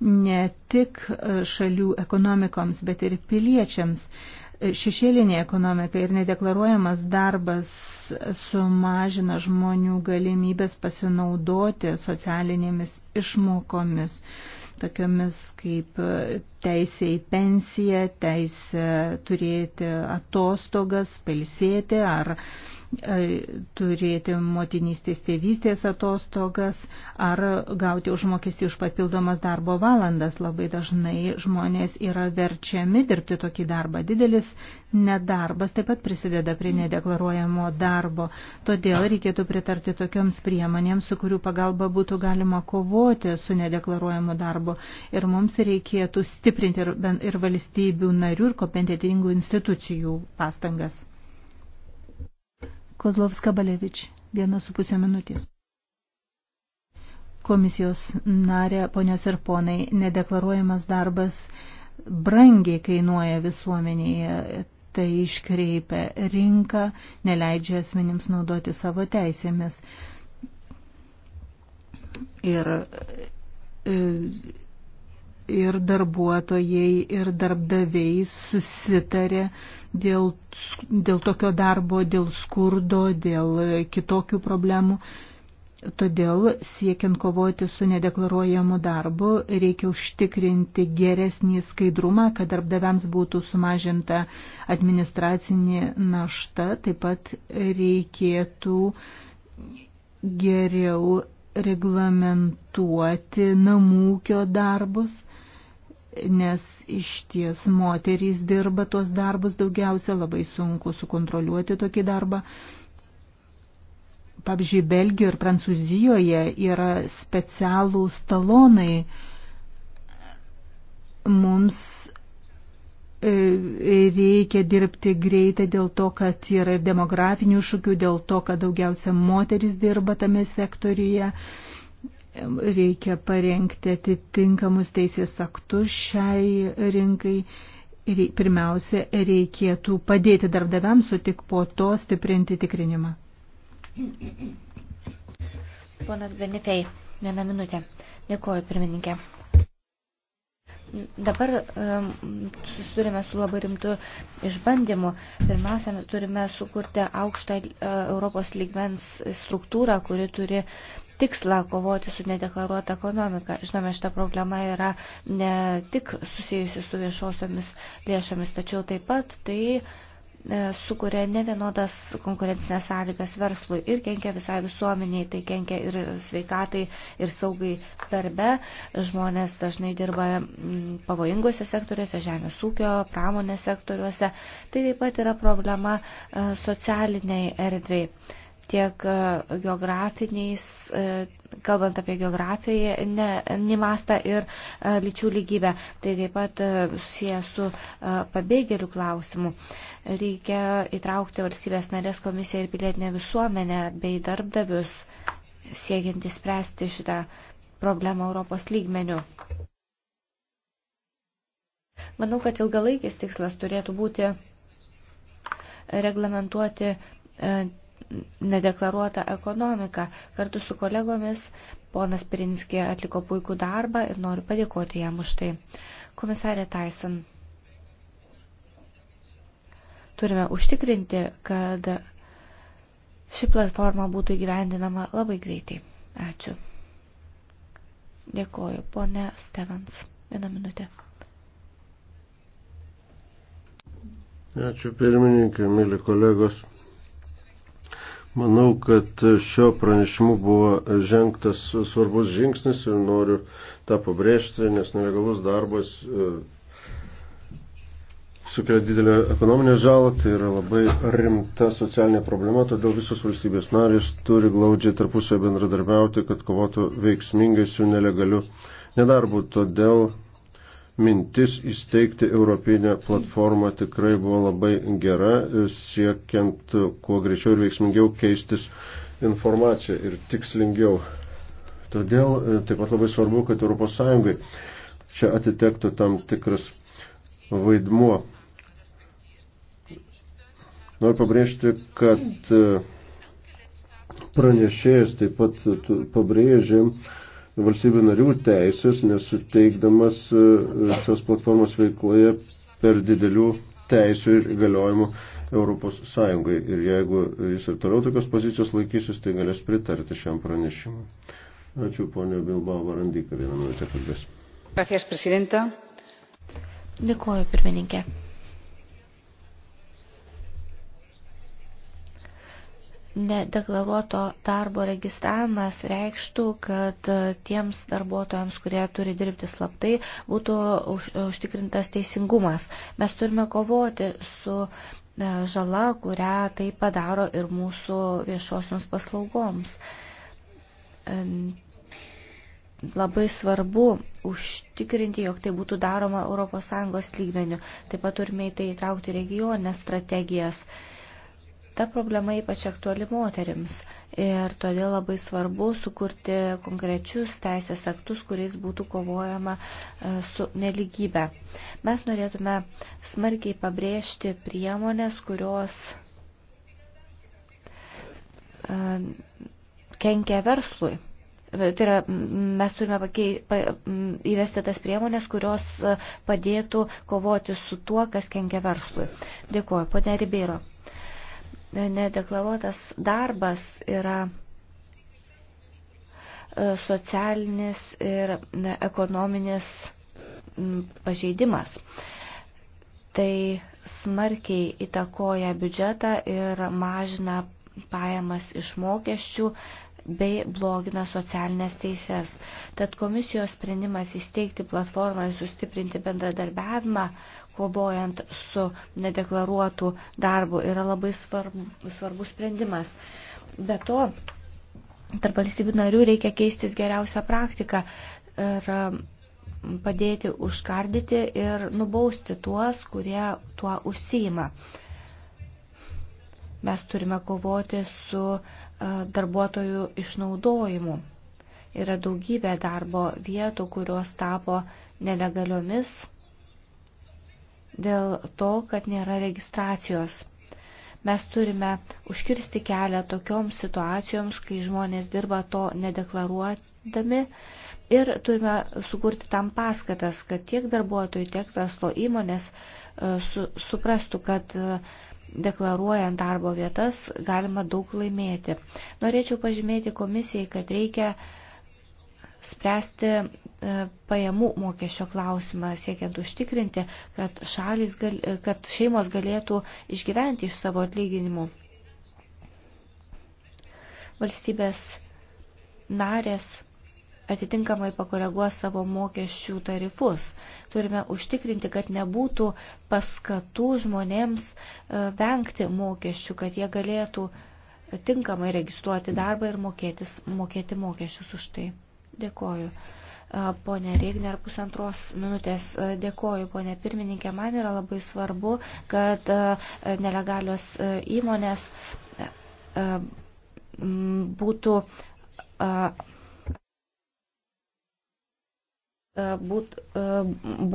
ne tik šalių ekonomikoms, bet ir piliečiams šešėlinė ekonomika ir nedeklaruojamas darbas sumažina žmonių galimybės pasinaudoti socialinėmis išmokomis, tokiomis kaip teisė į pensiją, teisė turėti atostogas, pilsėti ar E, turėti motinystės tėvystės atostogas ar gauti užmokestį už papildomas darbo valandas. Labai dažnai žmonės yra verčiami dirbti tokį darbą. Didelis nedarbas taip pat prisideda prie nedeklaruojamo darbo. Todėl reikėtų pritarti tokioms priemonėms, su kurių pagalba būtų galima kovoti su nedeklaruojamu darbu. Ir mums reikėtų stiprinti ir, ir valstybių narių ir kompetitingų institucijų pastangas. Kozlovska Balevič, vienas su pusė minutės. Komisijos narė, ponios ir ponai, nedeklaruojamas darbas brangiai kainuoja visuomenėje, tai iškreipia rinką, neleidžia asmenims naudoti savo teisėmis. Ir, ir e, ir darbuotojai, ir darbdaviai susitarė dėl, dėl tokio darbo, dėl skurdo, dėl kitokių problemų. Todėl, siekiant kovoti su nedeklaruojamu darbu, reikia užtikrinti geresnį skaidrumą, kad darbdaviams būtų sumažinta administracinė našta. Taip pat reikėtų geriau reglamentuoti namūkio darbus nes iš ties moterys dirba tuos darbus daugiausia, labai sunku sukontroliuoti tokį darbą. Pavyzdžiui, Belgijoje ir Prancūzijoje yra specialų stalonai. Mums e, reikia dirbti greitai dėl to, kad yra ir demografinių šūkių, dėl to, kad daugiausia moteris dirba tame sektoriuje reikia parengti atitinkamus teisės aktus šiai rinkai. Pirmiausia, reikėtų padėti darbdaviams, o tik po to stiprinti tikrinimą. Ponas Benifei, vieną minutę. Dėkuoju, pirmininkė. Dabar susidurime su labai rimtu išbandymu. Pirmiausia, turime sukurti aukštą e, Europos lygmens struktūrą, kuri turi tikslą kovoti su nedeklaruota ekonomika. Žinome, šita problema yra ne tik susijusi su viešosiomis lėšomis, tačiau taip pat tai e, sukuria ne vienodas konkurencinės sąlygas verslui ir kenkia visai visuomeniai, tai kenkia ir sveikatai, ir saugai darbe. Žmonės dažnai dirba pavojingose sektoriuose, žemės ūkio, pramonės sektoriuose. Tai taip pat yra problema e, socialiniai erdvėjai tiek e, geografiniais, e, kalbant apie geografinį mastą ir e, lyčių lygybę. Tai taip pat susiję su pabėgėlių klausimu. Reikia įtraukti valstybės narės komisiją ir pilietinę visuomenę bei darbdavius siekiant įspręsti šitą problemą Europos lygmenių. Manau, kad ilgalaikis tikslas turėtų būti reglamentuoti nedeklaruotą ekonomiką. Kartu su kolegomis ponas Pirinskė atliko puikų darbą ir noriu padėkoti jam už tai. Komisarė Tyson, turime užtikrinti, kad ši platforma būtų įgyvendinama labai greitai. Ačiū. Dėkoju, ponė Stevens. Vieną minutę. Ačiū pirmininkė, mėly kolegos. Manau, kad šio pranešimu buvo žengtas svarbus žingsnis ir noriu tą pabrėžti, nes nelegalus darbas e, sukelia didelę ekonominę žalą, tai yra labai rimta socialinė problema, todėl visos valstybės narės turi glaudžiai tarpusio bendradarbiauti, kad kovotų veiksmingai su nelegaliu nedarbu. Todėl mintis įsteigti Europinę platformą tikrai buvo labai gera, siekiant kuo greičiau ir veiksmingiau keistis informaciją ir tikslingiau. Todėl e, taip pat labai svarbu, kad ES čia atitektų tam tikras vaidmuo. Noriu pabrėžti, kad e, pranešėjas taip pat pabrėžė, valstybių narių teisės, nesuteikdamas e, šios platformos veikloje per didelių teisų ir įgaliojimų Europos Sąjungai. Ir jeigu jis ir toliau tokios pozicijos laikysis, tai galės pritarti šiam pranešimui. Ačiū, ponio Bilbao Varandyka, vieną minutę kalbės. Gracias, presidenta. Dėkuoju, pirmininkė. Nedeklaruoto darbo registravimas reikštų, kad tiems darbuotojams, kurie turi dirbti slaptai, būtų užtikrintas teisingumas. Mes turime kovoti su e, žala, kurią tai padaro ir mūsų viešosioms paslaugoms. E, labai svarbu užtikrinti, jog tai būtų daroma ES lygmeniu. Taip pat turime į tai įtraukti regionės strategijas. strategijas Ta problema ypač aktuali moterims ir todėl labai svarbu sukurti konkrečius teisės aktus, kuriais būtų kovojama e, su neligybė. Mes norėtume smarkiai pabrėžti priemonės, kurios e, kenkia verslui. E, tai yra, mes turime pakei, pa, įvesti tas priemonės, kurios padėtų kovoti su tuo, kas kenkia verslui. Dėkuoju, ponia Ribeiro. Nedeklaruotas darbas yra e, socialinis ir ekonominis pažeidimas. Tai smarkiai įtakoja biudžetą ir mažina pajamas iš mokesčių bei blogina socialinės teises. Tad komisijos sprendimas įsteigti platformą ir sustiprinti bendradarbiavimą, kovojant su nedeklaruotų darbu yra labai svarbus svarbu sprendimas. Be to, tarp valstybių narių reikia keistis geriausią praktiką ir padėti užkardyti ir nubausti tuos, kurie tuo užsijima. Mes turime kovoti su e, darbuotojų išnaudojimu. Yra daugybė darbo vietų, kurios tapo nelegaliomis dėl to, kad nėra registracijos. Mes turime užkirsti kelią tokioms situacijoms, kai žmonės dirba to nedeklaruodami ir turime sukurti tam paskatas, kad tiek darbuotojai, tiek verslo įmonės e, su, suprastų, kad e, deklaruojant darbo vietas galima daug laimėti. Norėčiau pažymėti komisijai, kad reikia spręsti E, pajamų mokesčio klausimą, siekiant užtikrinti, kad, šalis, e, kad šeimos galėtų išgyventi iš savo atlyginimų. Valstybės narės atitinkamai pakoreguos savo mokesčių tarifus. Turime užtikrinti, kad nebūtų paskatų žmonėms e, vengti mokesčių, kad jie galėtų tinkamai registruoti darbą ir mokėtis, mokėti mokesčius už tai. Dėkoju. Pone Regner, pusantros minutės dėkoju, ponė pirmininkė. Man yra labai svarbu, kad nelegalios įmonės būtų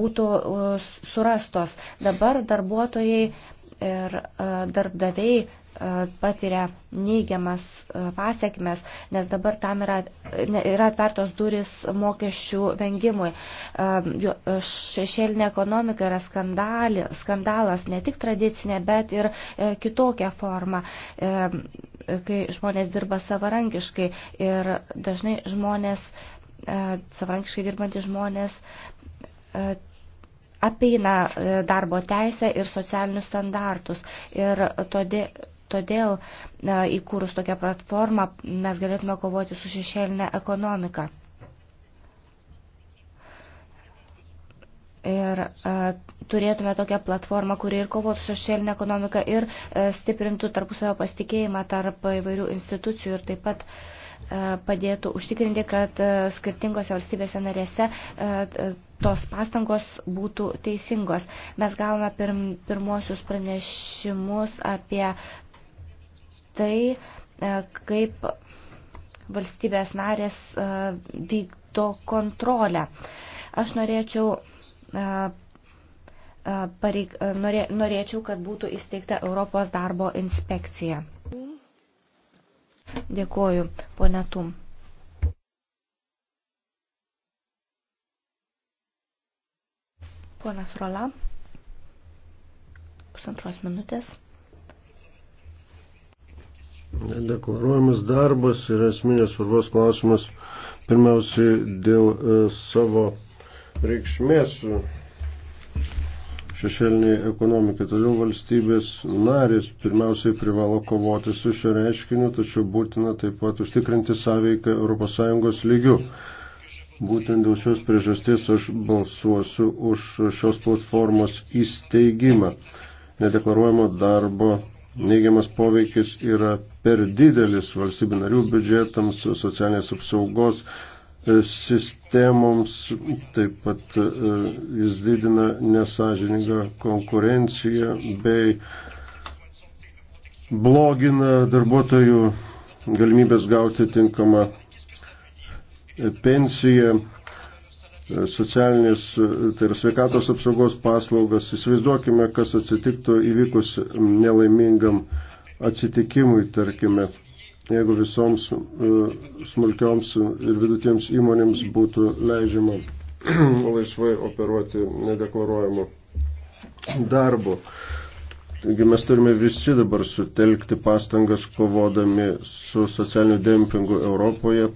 būtų surastos. Dabar darbuotojai ir darbdaviai E, patiria neigiamas e, pasiekmes, nes dabar tam yra, yra atvertos duris mokesčių vengimui. E, šešėlinė ekonomika yra skandali, skandalas, ne tik tradicinė, bet ir kitokia forma kai žmonės dirba savarankiškai ir dažnai žmonės, savarankiškai dirbantys žmonės apeina darbo teisę ir socialinius standartus. Ir todėl Todėl įkūrus tokią platformą mes galėtume kovoti su šešėlinė ekonomika. Ir e, turėtume tokią platformą, kuri ir kovotų su šešėlinė ekonomika ir e, stiprintų tarpusavio pasitikėjimą tarp įvairių institucijų ir taip pat e, padėtų užtikrinti, kad e, skirtingose valstybėse narėse e, tos pastangos būtų teisingos. Mes gavome pirm, pirmosius pranešimus apie tai, e, kaip valstybės narės e, vykdo kontrolę. Aš norėčiau, e, pareik, norė, norėčiau, kad būtų įsteigta Europos darbo inspekcija. Dėkuoju, ponė Tum. Ponas Rola, pusantros minutės deklaruojamas darbas yra esminės svarbos klausimas pirmiausiai dėl e, savo reikšmės šešėliniai ekonomikai. Todėl valstybės narės pirmiausiai privalo kovoti su šio reiškiniu, tačiau būtina taip pat užtikrinti sąveiką ES lygių. Būtent dėl šios priežasties aš balsuosiu už šios platformos įsteigimą. Nedeklaruojamo darbo neigiamas poveikis yra per didelis valstybių narių biudžetams, socialinės apsaugos e, sistemoms, taip pat e, jis didina nesažiningą konkurenciją bei blogina darbuotojų galimybės gauti tinkamą pensiją socialinės, tai yra sveikatos apsaugos paslaugas. Įsivaizduokime, kas atsitiktų įvykus nelaimingam atsitikimui, tarkime, jeigu visoms e, smulkioms ir vidutėms įmonėms būtų leidžiama laisvai operuoti nedeklaruojamo darbo. Taigi mes turime visi dabar sutelkti pastangas kovodami su socialiniu dempingu Europoje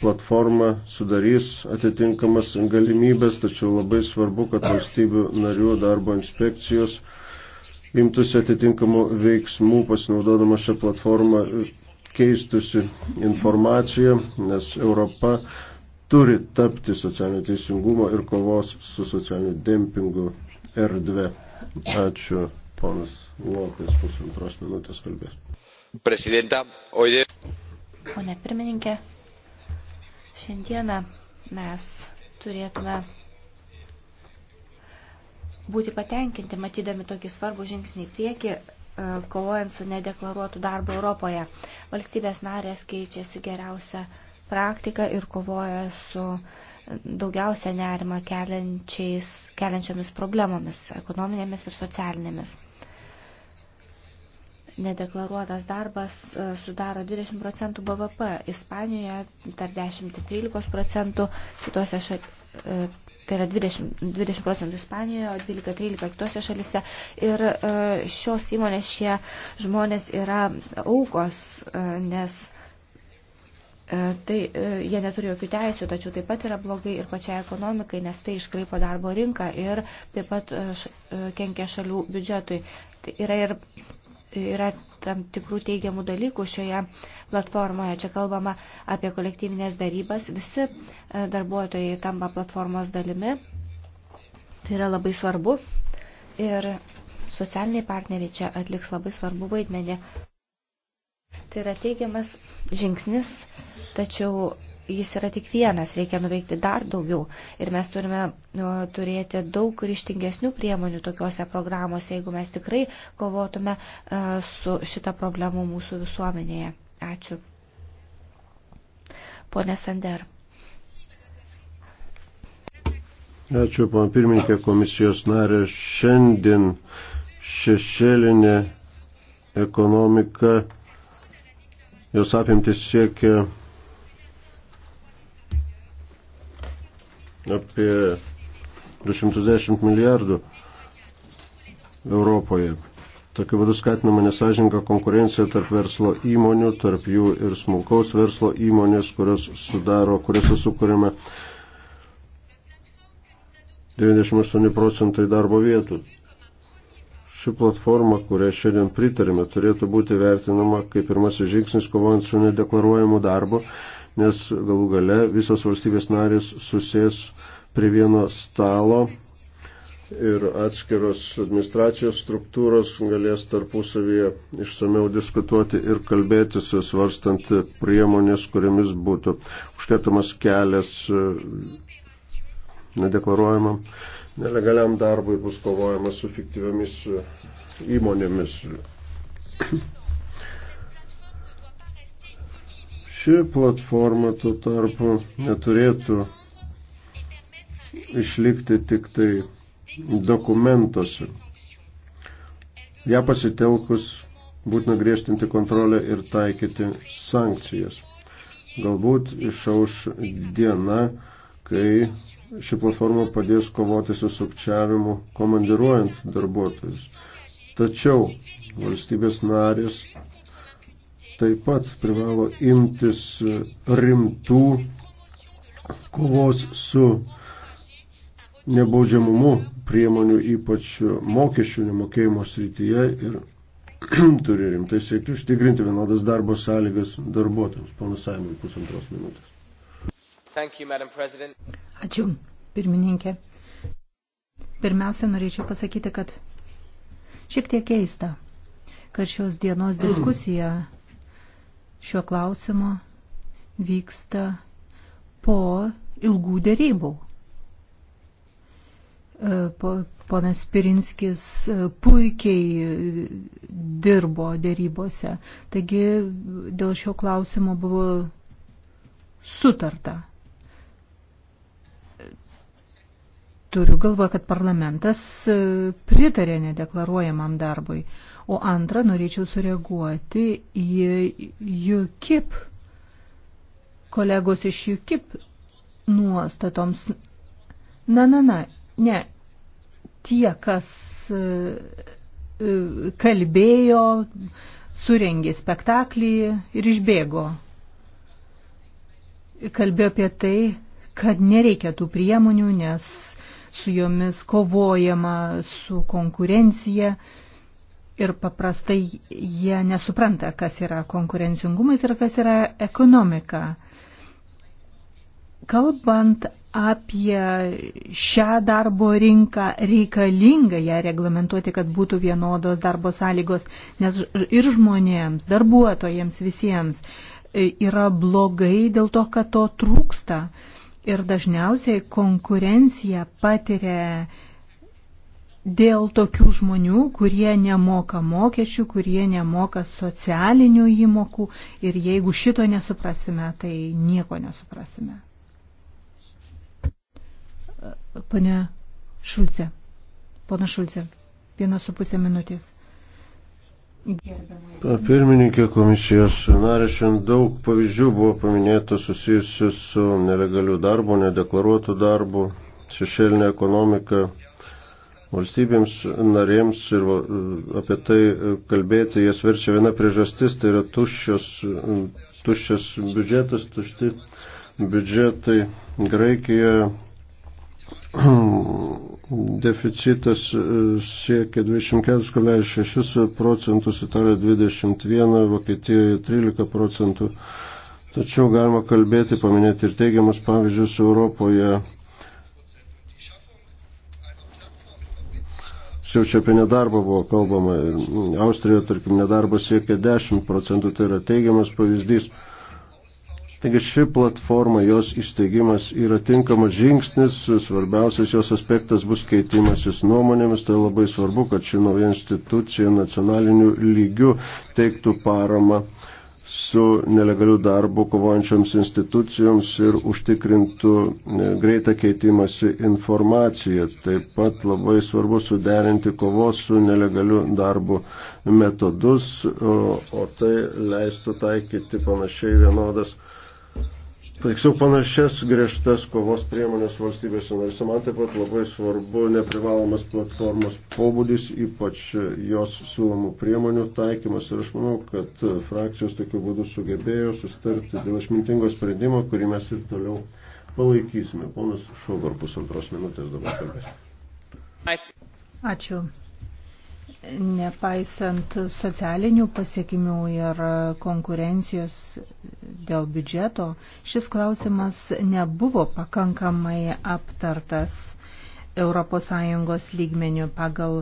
platforma sudarys atitinkamas galimybės, tačiau labai svarbu, kad valstybių narių darbo inspekcijos imtųsi atitinkamų veiksmų, pasinaudodama šią platformą, keistusi informaciją, nes Europa turi tapti socialinio teisingumo ir kovos su socialiniu dempingu erdvė. Ačiū, ponas Lopės, pusantros minutės kalbės. Prezidenta, oje. Pone pirmininkė, Šiandieną mes turėtume būti patenkinti, matydami tokį svarbų žingsnį į priekį, e, kovojant su nedeklaruotu darbu Europoje. Valstybės narės keičiasi geriausią praktiką ir kovoja su daugiausia nerima keliančiomis problemomis, ekonominėmis ir socialinėmis. Nedeklaruotas darbas e, sudaro 20 procentų BVP, Ispanijoje dar 10-13 procentų, kitose šalyse, tai yra 20, 20 procentų Ispanijoje, o 12-13 kitose šalyse. Ir e, šios įmonės šie žmonės yra aukos, e, nes tai jie neturi jokių teisių, tačiau taip pat yra blogai ir pačiai ekonomikai, nes tai iškraipo darbo rinką ir taip pat kenkia šalių biudžetui. Tai yra ir yra tam tikrų teigiamų dalykų šioje platformoje. Čia kalbama apie kolektyvinės darybas. Visi e, darbuotojai tampa platformos dalimi. Tai yra labai svarbu. Ir socialiniai partneriai čia atliks labai svarbu vaidmenį. Tai yra teigiamas žingsnis, tačiau jis yra tik vienas, reikia nuveikti dar daugiau. Ir mes turime nu, turėti daug ryštingesnių priemonių tokiuose programuose, jeigu mes tikrai kovotume e, su šita problemu mūsų visuomenėje. Ačiū. Pone Sander. Ačiū, pan pirmininkė komisijos narė. Šiandien šešėlinė ekonomika, jos apimtis siekia apie 210 milijardų Europoje. Tokiu būdu skatinama nesažinga konkurencija tarp verslo įmonių, tarp jų ir smulkaus verslo įmonės, kurios sudaro, kuriuose sukūrėme 98 procentai darbo vietų. Ši platforma, kurią šiandien pritarime, turėtų būti vertinama kaip pirmasis žingsnis kovojant su nedeklaruojamu darbu, nes galų gale visos valstybės narės susės prie vieno stalo ir atskiros administracijos struktūros galės tarpusavyje išsameu diskutuoti ir kalbėtis, svarstant priemonės, kuriamis būtų užkertamas kelias e, nedeklaruojamam nelegaliam darbui bus kovojama su fiktyviamis e, įmonėmis. Ši platforma tuo tarpu neturėtų išlikti tik tai dokumentuose. Ja pasitelkus būtina griežtinti kontrolę ir taikyti sankcijas. Galbūt išauš diena, kai ši platforma padės kovoti su sukčiavimu komandiruojant darbuotojus. Tačiau valstybės narės taip pat privalo imtis rimtų kovos su nebaudžiamumu priemonių, ypač mokesčių nemokėjimo srityje ir turi rimtai siekti užtikrinti vienodas darbo sąlygas darbuotojams. Ponas Saimon, pusantros minutės. You, Ačiū, pirmininkė. Pirmiausia, norėčiau pasakyti, kad šiek tiek keista, kad šios dienos diskusija šiuo klausimu vyksta po ilgų dėrybų Ponas Pirinskis e, puikiai e, dirbo dėrybose. Taigi dėl šio klausimo buvo sutarta. Turiu galvą, kad parlamentas e, pritarė nedeklaruojamam darbui. O antra, norėčiau sureaguoti į UKIP, kolegos iš UKIP nuostatoms. Na, na, na, Ne, tie, kas e, e, kalbėjo, surengė spektaklį ir išbėgo. Kalbėjo apie tai, kad nereikia tų priemonių, nes su jomis kovojama, su konkurencija ir paprastai jie nesupranta, kas yra konkurencingumas ir kas yra ekonomika. Kalbant apie šią darbo rinką reikalinga ją reglamentuoti, kad būtų vienodos darbo sąlygos, nes ir žmonėms, darbuotojams visiems e, yra blogai dėl to, kad to trūksta. Ir dažniausiai konkurencija patiria dėl tokių žmonių, kurie nemoka mokesčių, kurie nemoka socialinių įmokų ir jeigu šito nesuprasime, tai nieko nesuprasime. Pane Šulce. Pana Šulce. Viena su pusė minutės. Pirmininkė komisijos narė, šiandien daug pavyzdžių buvo paminėta susijusi su nelegaliu darbu, nedeklaruotu darbu, šešėlinė ekonomika. Valstybėms narėms ir apie tai kalbėti jas verčia viena priežastis, tai yra tuščios, tuščias biudžetas, tušti biudžetai Graikijoje, deficitas e, siekia 24,6 procentus, Italijoje 21, Vokietijoje 13 procentų. Tačiau galima kalbėti, paminėti ir teigiamus pavyzdžius Europoje. Jau čia apie nedarbą buvo kalbama. Austrijoje, tarkim, nedarbas siekia 10 procentų, tai yra teigiamas pavyzdys. Taigi ši platforma, jos įsteigimas yra tinkamas žingsnis, svarbiausias jos aspektas bus keitimasis nuomonėmis, tai labai svarbu, kad ši nauja institucija nacionaliniu lygiu teiktų paramą su nelegaliu darbu kovojančioms institucijoms ir užtikrintų e, greitą keitimąsi informaciją. Taip pat labai svarbu suderinti kovos su nelegaliu darbu metodus, o tai leistų taikyti panašiai vienodas Tiksliau panašias griežtas kovos priemonės valstybėse narėse. Man taip pat labai svarbu neprivalomas platformos pobūdis, ypač jos siūlomų priemonių taikymas. Ir aš manau, kad frakcijos tokiu būdu sugebėjo sustarti dėl išmintingo sprendimo, kurį mes ir toliau palaikysime. Ponas Šogar pusantros minutės dabar kalbės. Ačiū. Nepaisant socialinių pasiekimių ir konkurencijos dėl biudžeto, šis klausimas nebuvo pakankamai aptartas ES lygmenių pagal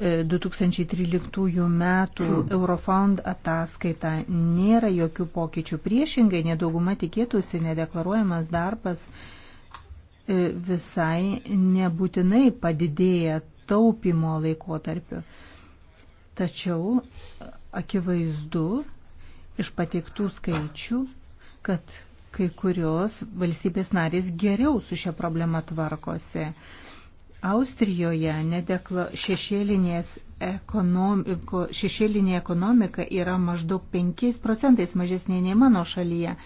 2013 e, metų Eurofound ataskaita nėra jokių pokyčių. Priešingai, nedauguma tikėtųsi, nedeklaruojamas darbas e, visai nebūtinai padidėja taupimo laikotarpiu. Tačiau akivaizdu iš pateiktų skaičių, kad kai kurios valstybės narės geriau su šia problema tvarkosi. Austrijoje nedekla, šešėlinės ekonomiko, šešėlinė ekonomika yra maždaug 5 procentais mažesnė nei mano šalyje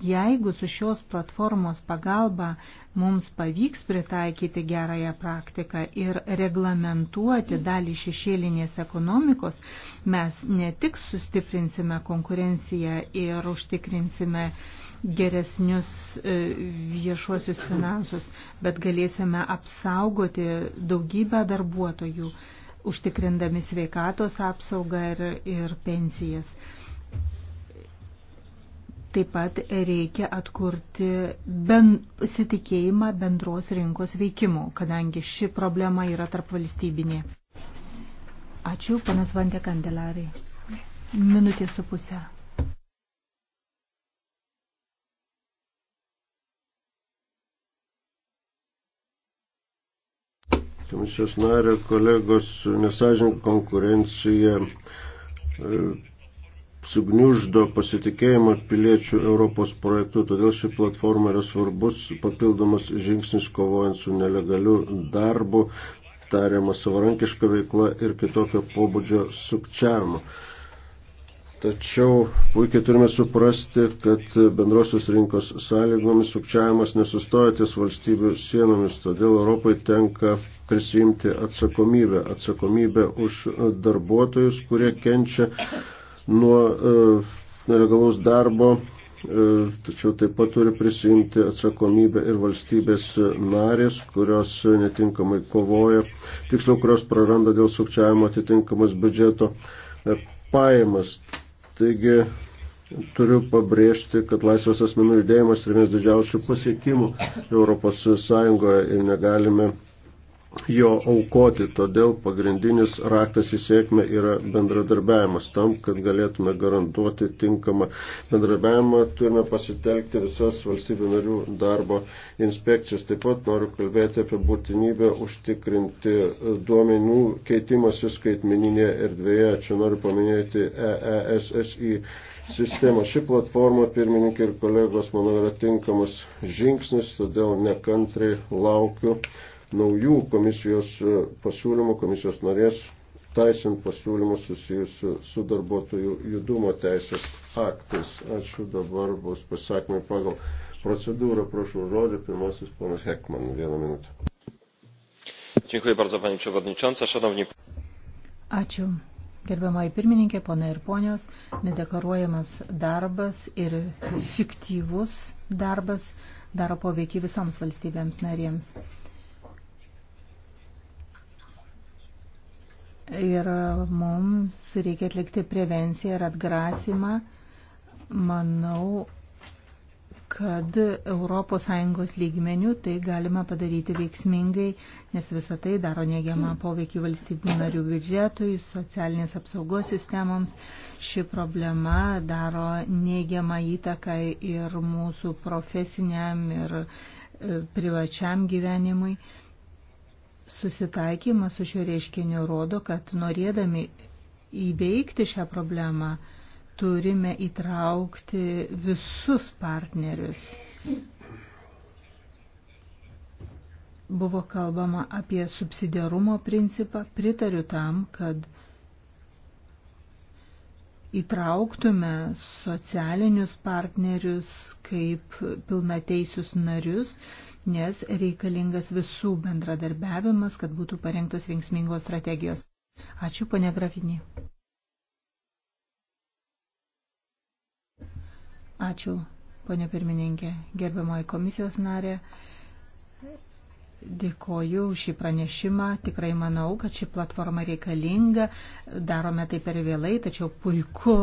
Jeigu su šios platformos pagalba mums pavyks pritaikyti gerąją praktiką ir reglamentuoti dalį šešėlinės ekonomikos, mes ne tik sustiprinsime konkurenciją ir užtikrinsime geresnius e, viešuosius finansus, bet galėsime apsaugoti daugybę darbuotojų, užtikrindami sveikatos apsaugą ir, ir pensijas. Taip pat reikia atkurti ben, pasitikėjimą bendros rinkos veikimu, kadangi ši problema yra tarp valstybinė. Ačiū, panas Vandė Kandelarai. Minutė su pusė. Komisijos nario kolegos nesažininkų konkurencija sugniuždo pasitikėjimą piliečių Europos projektu. Todėl ši platforma yra svarbus papildomas žingsnis kovojant su nelegaliu darbu, tariama savarankiška veikla ir kitokio pobūdžio sukčiavimu. Tačiau puikiai turime suprasti, kad bendrosios rinkos sąlygomis sukčiavimas nesustoja ties valstybių sienomis, todėl Europai tenka prisijimti atsakomybę. Atsakomybę už darbuotojus, kurie kenčia nuo e, nelegalaus darbo, e, tačiau taip pat turi prisijimti atsakomybę ir valstybės narės, kurios netinkamai kovoja, tiksliau, kurios praranda dėl sukčiavimo atitinkamas biudžeto e, pajamas. Taigi turiu pabrėžti, kad laisvas asmenų judėjimas yra vienas didžiausių pasiekimų Europos Sąjungoje ir negalime jo aukoti, todėl pagrindinis raktas į sėkmę yra bendradarbiavimas. Tam, kad galėtume garantuoti tinkamą bendradarbiavimą, turime pasitelkti visas valstybių narių darbo inspekcijas. Taip pat noriu kalbėti apie būtinybę užtikrinti duomenų keitimąsi skaitmeninėje erdvėje. Čia noriu paminėti EESSI sistemą. Ši platforma, pirmininkai ir kolegos, manau, yra tinkamas žingsnis, todėl nekantrai laukiu naujų komisijos e, pasiūlymų, komisijos norės taisint pasiūlymus susijusių su darbuotojų judumo teisės aktais. Ačiū, dabar bus pasakymai pagal procedūrą. Prašau žodį, pirmasis ponas Hekman, vieną minutę. Dziękuję bardzo, pani przewodnicząca, szanowni. Ačiū. Gerbiamoji pirmininkė, ponai ir ponios, nedeklaruojamas darbas ir fiktyvus darbas daro poveikį visoms valstybėms narėms. Ir mums reikia atlikti prevenciją ir atgrasimą. Manau, kad ES lygmenių tai galima padaryti veiksmingai, nes visą tai daro neigiamą poveikį valstybių narių biudžetui, socialinės apsaugos sistemoms. Ši problema daro neigiamą įtaką ir mūsų profesiniam ir e, privačiam gyvenimui. Susitaikymas su šiuo reiškiniu rodo, kad norėdami įveikti šią problemą turime įtraukti visus partnerius. Buvo kalbama apie subsidiarumo principą, pritariu tam, kad įtrauktume socialinius partnerius kaip pilnateisius narius, nes reikalingas visų bendradarbiavimas, kad būtų parengtos veiksmingos strategijos. Ačiū, ponia Grafinė. Ačiū, ponia pirmininkė, gerbiamoji komisijos narė. Dėkoju už šį pranešimą. Tikrai manau, kad ši platforma reikalinga. Darome tai per vėlai, tačiau puiku,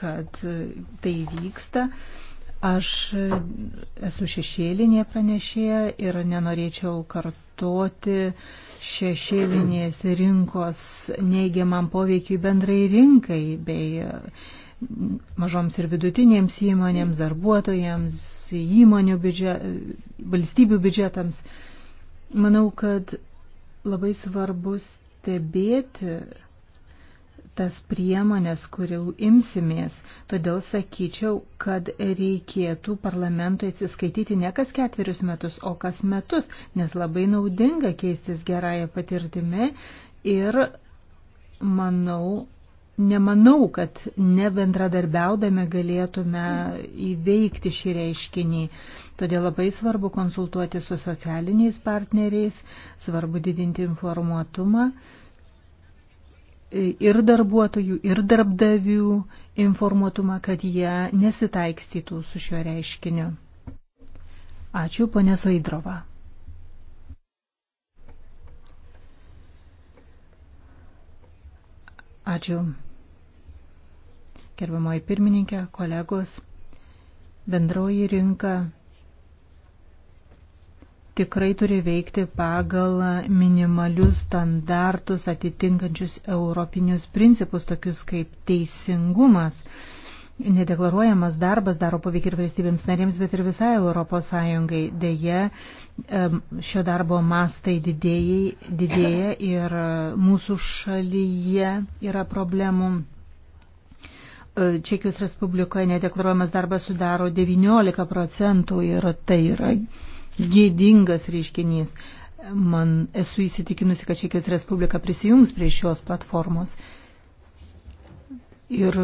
kad tai vyksta. Aš esu šešėlinė pranešėja ir nenorėčiau kartoti šešėlinės rinkos neigiamam poveikiai bendrai rinkai bei mažoms ir vidutinėms įmonėms, darbuotojams, įmonių biudžet, valstybių biudžetams. biudžetams Manau, kad labai svarbu stebėti tas priemonės, kurių imsimės. Todėl sakyčiau, kad reikėtų parlamentui atsiskaityti ne kas ketverius metus, o kas metus, nes labai naudinga keistis gerąją patirtimi ir manau, Nemanau, kad nebendradarbiaudami galėtume įveikti šį reiškinį. Todėl labai svarbu konsultuoti su socialiniais partneriais, svarbu didinti informuotumą ir darbuotojų, ir darbdavių informuotumą, kad jie nesitaikstytų su šiuo reiškiniu. Ačiū, ponė Soidrova. Ačiū gerbiamoji pirmininkė, kolegos, bendroji rinka tikrai turi veikti pagal minimalius standartus atitinkančius europinius principus, tokius kaip teisingumas. Nedeklaruojamas darbas daro poveikį ir valstybėms narėms, bet ir visai Europos Sąjungai. Deja, šio darbo mastai didėjai, didėja ir e, mūsų šalyje yra problemų Čekijos Respublikoje nedeklaruojamas darbas sudaro 19 procentų ir tai yra gėdingas reiškinys. Man esu įsitikinusi, kad Čekijos Respublika prisijungs prie šios platformos. Ir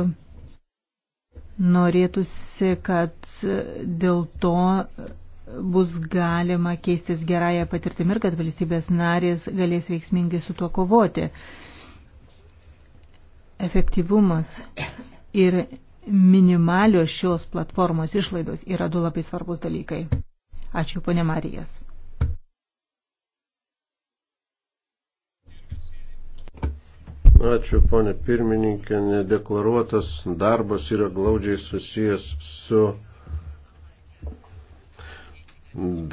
norėtųsi, kad dėl to bus galima keistis gerąją patirtimį ir kad valstybės narės galės veiksmingai su tuo kovoti. Efektyvumas ir minimalios šios platformos išlaidos yra du labai svarbus dalykai. Ačiū, ponė Marijas. Ačiū, ponė pirmininkė. Nedeklaruotas darbas yra glaudžiai susijęs su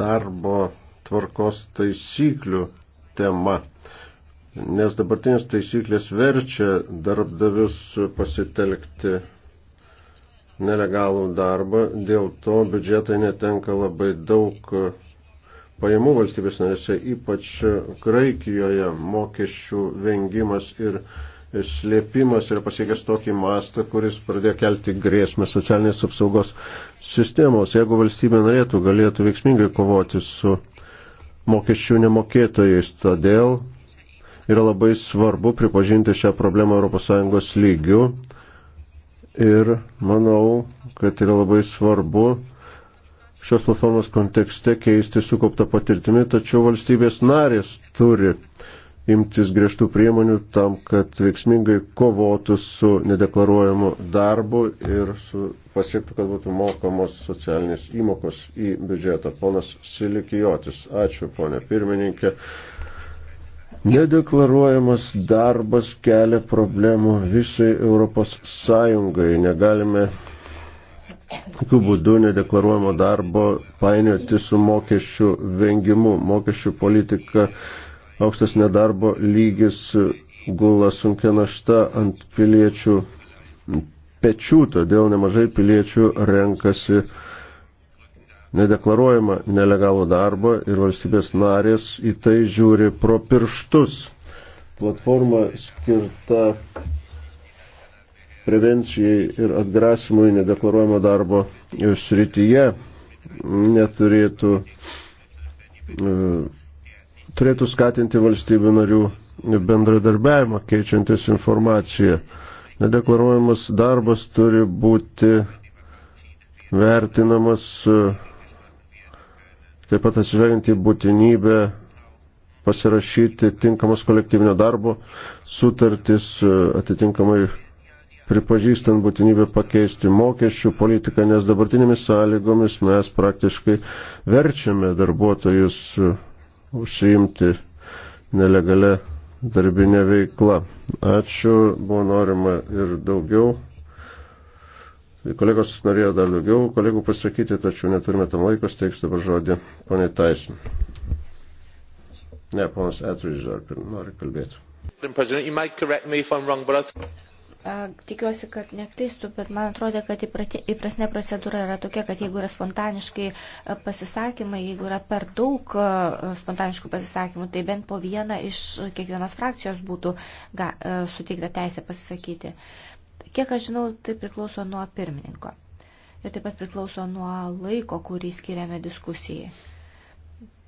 darbo tvarkos taisyklių tema nes dabartinės taisyklės verčia darbdavius pasitelkti nelegalų darbą, dėl to biudžetai netenka labai daug pajamų valstybės narėse, ypač Graikijoje mokesčių vengimas ir slėpimas yra pasiekęs tokį mastą, kuris pradėjo kelti grėsmę socialinės apsaugos sistemos. Jeigu valstybė norėtų, galėtų veiksmingai kovoti su mokesčių nemokėtojais. Todėl yra labai svarbu pripažinti šią problemą ES lygių ir manau, kad yra labai svarbu šios platformos kontekste keisti sukauptą patirtimį, tačiau valstybės narės turi imtis griežtų priemonių tam, kad veiksmingai kovotų su nedeklaruojamu darbu ir su, pasiektų, kad būtų mokamos socialinės įmokos į biudžetą. Ponas Silikijotis, ačiū ponė pirmininkė. Nedeklaruojamas darbas kelia problemų visai Europos Sąjungai. Negalime tokiu būdu nedeklaruojamo darbo painioti su mokesčių vengimu. Mokesčių politika, aukštas nedarbo lygis gula sunkia našta ant piliečių pečių, todėl nemažai piliečių renkasi uh, nedeklaruojama nelegalų darbą ir valstybės narės į tai žiūri pro pirštus. Platforma skirta prevencijai ir atgrasimui nedeklaruojamo darbo srityje neturėtų e, turėtų skatinti valstybių narių bendradarbiavimą, keičiantis informaciją. Nedeklaruojamas darbas turi būti vertinamas e, taip pat atsižvelgiant į būtinybę pasirašyti tinkamas kolektyvinio darbo sutartis, atitinkamai pripažįstant būtinybę pakeisti mokesčių politiką, nes dabartinėmis sąlygomis mes praktiškai verčiame darbuotojus užsiimti nelegale darbinė veikla. Ačiū, buvo norima ir daugiau. Kolegos norėjo dar daugiau kolegų pasakyti, tačiau neturime tam laiko, steiks dabar žodį ponai Taisin. Ne, ponas Etridž dar nori kalbėti. Tikiuosi, kad neklystu, bet man atrodo, kad įprasnė procedūra yra tokia, kad jeigu yra spontaniškai pasisakymai, jeigu yra per daug spontaniškų pasisakymų, tai bent po vieną iš kiekvienos frakcijos būtų ga, suteikta teisė pasisakyti. Uh, Kiek aš žinau, tai priklauso nuo pirmininko. Ir taip pat priklauso nuo laiko, kurį skiriame diskusijai.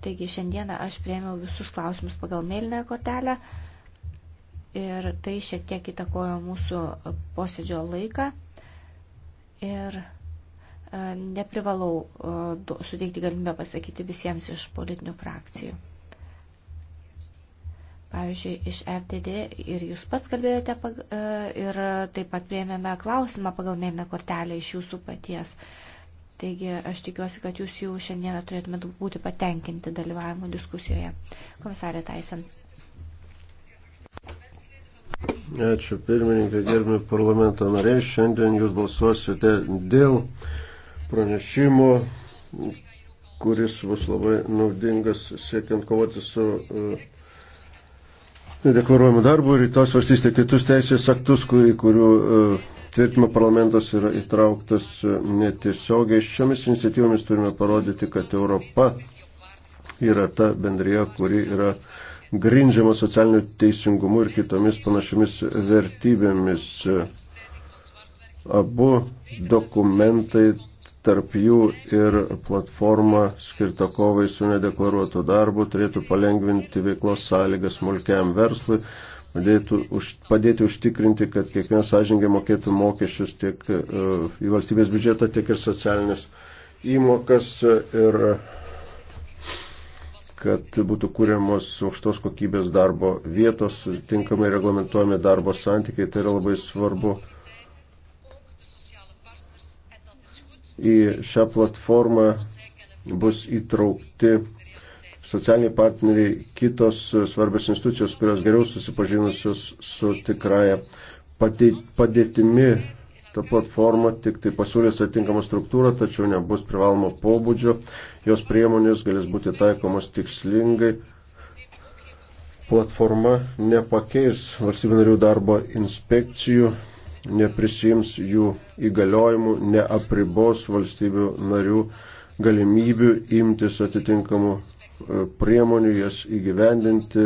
Taigi šiandieną aš priemiau visus klausimus pagal mėlynę kortelę ir tai šiek tiek įtakojo mūsų posėdžio laiką. Ir e, neprivalau e, suteikti galimybę pasakyti visiems iš politinių frakcijų pavyzdžiui, iš FDD ir jūs pats kalbėjote e, ir taip pat prieėmėme klausimą pagal mėlyną kortelę iš jūsų paties. Taigi aš tikiuosi, kad jūs jau šiandieną turėtumėte būti patenkinti dalyvavimu diskusijoje. Komisarė Taisen. Ačiū pirmininkai, gerbimi parlamento nariai. Šiandien jūs balsuosite dėl pranešimo, kuris bus labai naudingas siekiant kovoti su uh, deklaruojamų darbų, rytoj svarstysite kitus teisės aktus, kurių, kurių e, tvirtimo parlamentas yra įtrauktas e, netiesiogiai. Šiomis iniciatyvomis turime parodyti, kad Europa yra ta bendrija, kuri yra grindžiama socialiniu teisingumu ir kitomis panašiamis vertybėmis. Abu dokumentai tarp jų ir platforma skirta kovai su nedeklaruotu darbu turėtų palengvinti veiklos sąlygas smulkiam verslui, padėtų, už, padėti užtikrinti, kad kiekvienas sąžingai mokėtų mokesčius tiek e, į valstybės biudžetą, tiek ir socialinės įmokas ir kad būtų kūriamos aukštos kokybės darbo vietos, tinkamai reglamentuojami darbo santykiai, tai yra labai svarbu į šią platformą bus įtraukti socialiniai partneriai, kitos svarbios institucijos, kurios geriau susipažinusios su tikraja padėtimi. Ta platforma tik tai pasiūlės atitinkamą struktūrą, tačiau nebus privalomo pobūdžio, jos priemonės galės būti taikomos tikslingai platforma nepakeis valstybių narių darbo inspekcijų neprisims jų įgaliojimų, neapribos valstybių narių galimybių imtis atitinkamų e, priemonių, jas įgyvendinti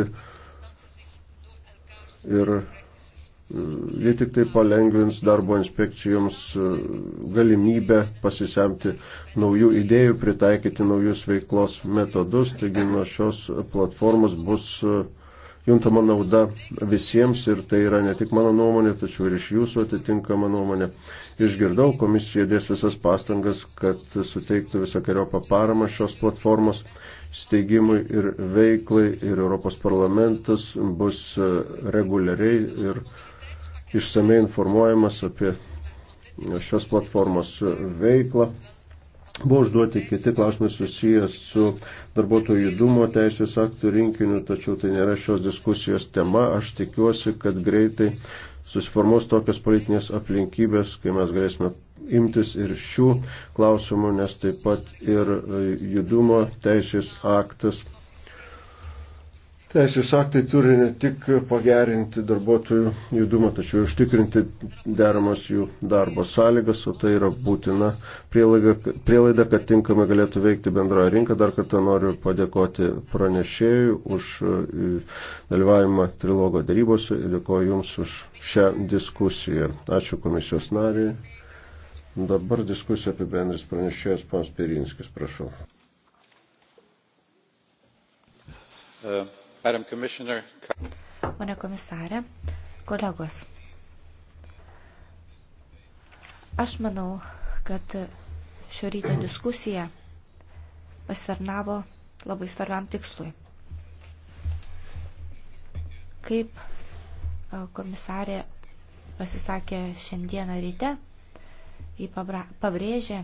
ir e, jie tik tai palengvins darbo inspekcijoms e, galimybę pasisemti naujų idėjų, pritaikyti naujus veiklos metodus, taigi nuo šios platformos bus juntama nauda visiems ir tai yra ne tik mano nuomonė, tačiau ir iš jūsų atitinkama nuomonė. Išgirdau, komisija dės visas pastangas, kad suteiktų visokiojopą paramą šios platformos steigimui ir veiklai ir Europos parlamentas bus e, reguliariai ir išsamei informuojamas apie šios platformos veiklą. Buvo užduoti kiti klausimai susijęs su darbuotojų judumo teisės aktų rinkiniu, tačiau tai nėra šios diskusijos tema. Aš tikiuosi, kad greitai susiformuos tokios politinės aplinkybės, kai mes galėsime imtis ir šių klausimų, nes taip pat ir judumo teisės aktas Teisės aktai turi ne tik pagerinti darbuotojų judumą, tačiau užtikrinti deramas jų darbo sąlygas, o tai yra būtina prielaida, kad tinkamai galėtų veikti bendroje rinka. Dar kartą noriu padėkoti pranešėjui už e, dalyvavimą trilogo darybose ir dėkoju Jums už šią diskusiją. Ačiū komisijos nariai. Dabar diskusija apibendris pranešėjas Pans Pirinskis, prašau. Uh. Pone komisarė, kolegos. Aš manau, kad šio ryto diskusija pasitarnavo labai svarbiam tikslui. Kaip komisarė pasisakė šiandieną ryte, jį pabrėžė,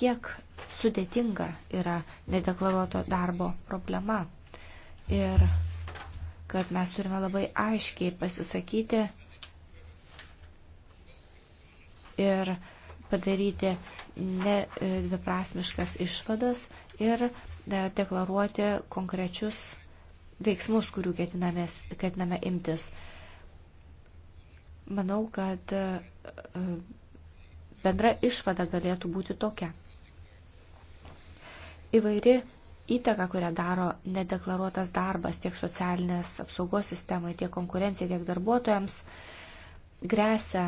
kiek sudėtinga yra nedeklaruoto darbo problema. Ir kad mes turime labai aiškiai pasisakyti ir padaryti nedviprasmiškas e, išvadas ir e, deklaruoti konkrečius veiksmus, kurių ketiname imtis. Manau, kad e, bendra išvada galėtų būti tokia įvairi įtaka, kurią daro nedeklaruotas darbas tiek socialinės apsaugos sistemai, tiek konkurencija, tiek darbuotojams, grėsia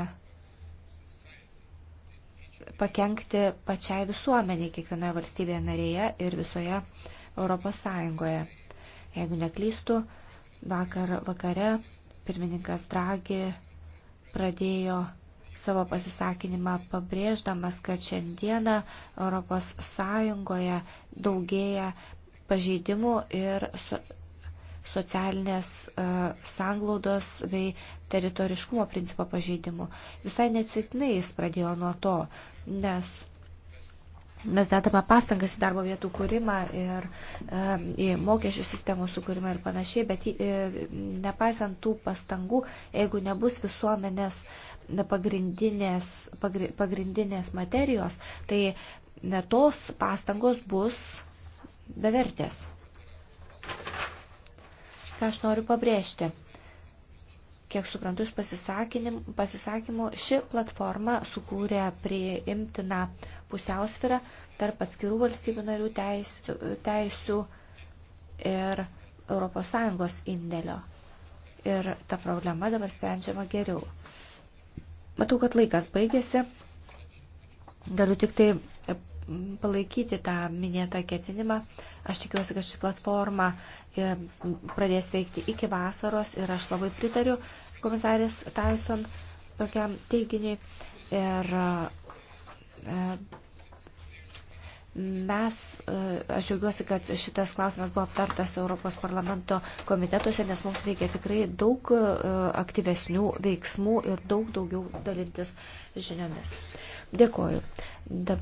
pakengti pačiai visuomeniai kiekvienoje valstybėje narėje ir visoje Europos Sąjungoje. Jeigu neklystų, vakar vakare pirmininkas Dragi pradėjo savo pasisakinimą pabrėždamas, kad šiandieną Europos Sąjungoje daugėja pažeidimų ir socialinės uh, sanglaudos bei teritoriškumo principo pažeidimų. Visai neatsitiktinai jis pradėjo nuo to, nes mes dedame pastangas į darbo vietų kūrimą ir um, į mokesčių sistemų sukūrimą ir panašiai, bet uh, nepaisant tų pastangų, jeigu nebus visuomenės uh, pagrindinės, pagri, pagrindinės materijos, tai tos pastangos bus bevertės. Ką aš noriu pabrėžti? Kiek suprantu iš pasisakymų, ši platforma sukūrė priimtiną pusiausvyrą tarp atskirų valstybių narių teisių, teisių ir ES indėlio. Ir ta problema dabar sprendžiama geriau. Matau, kad laikas baigėsi. Galiu tik tai e, palaikyti tą minėtą ketinimą. Aš tikiuosi, kad ši platforma e, pradės veikti iki vasaros ir aš labai pritariu komisarės Tyson tokiam teiginiui. Ir e, Mes, e, aš džiaugiuosi, kad šitas klausimas buvo aptartas Europos parlamento komitetuose, nes mums reikia tikrai daug e, aktyvesnių veiksmų ir daug daugiau dalintis žiniomis. Dėkoju. Dabar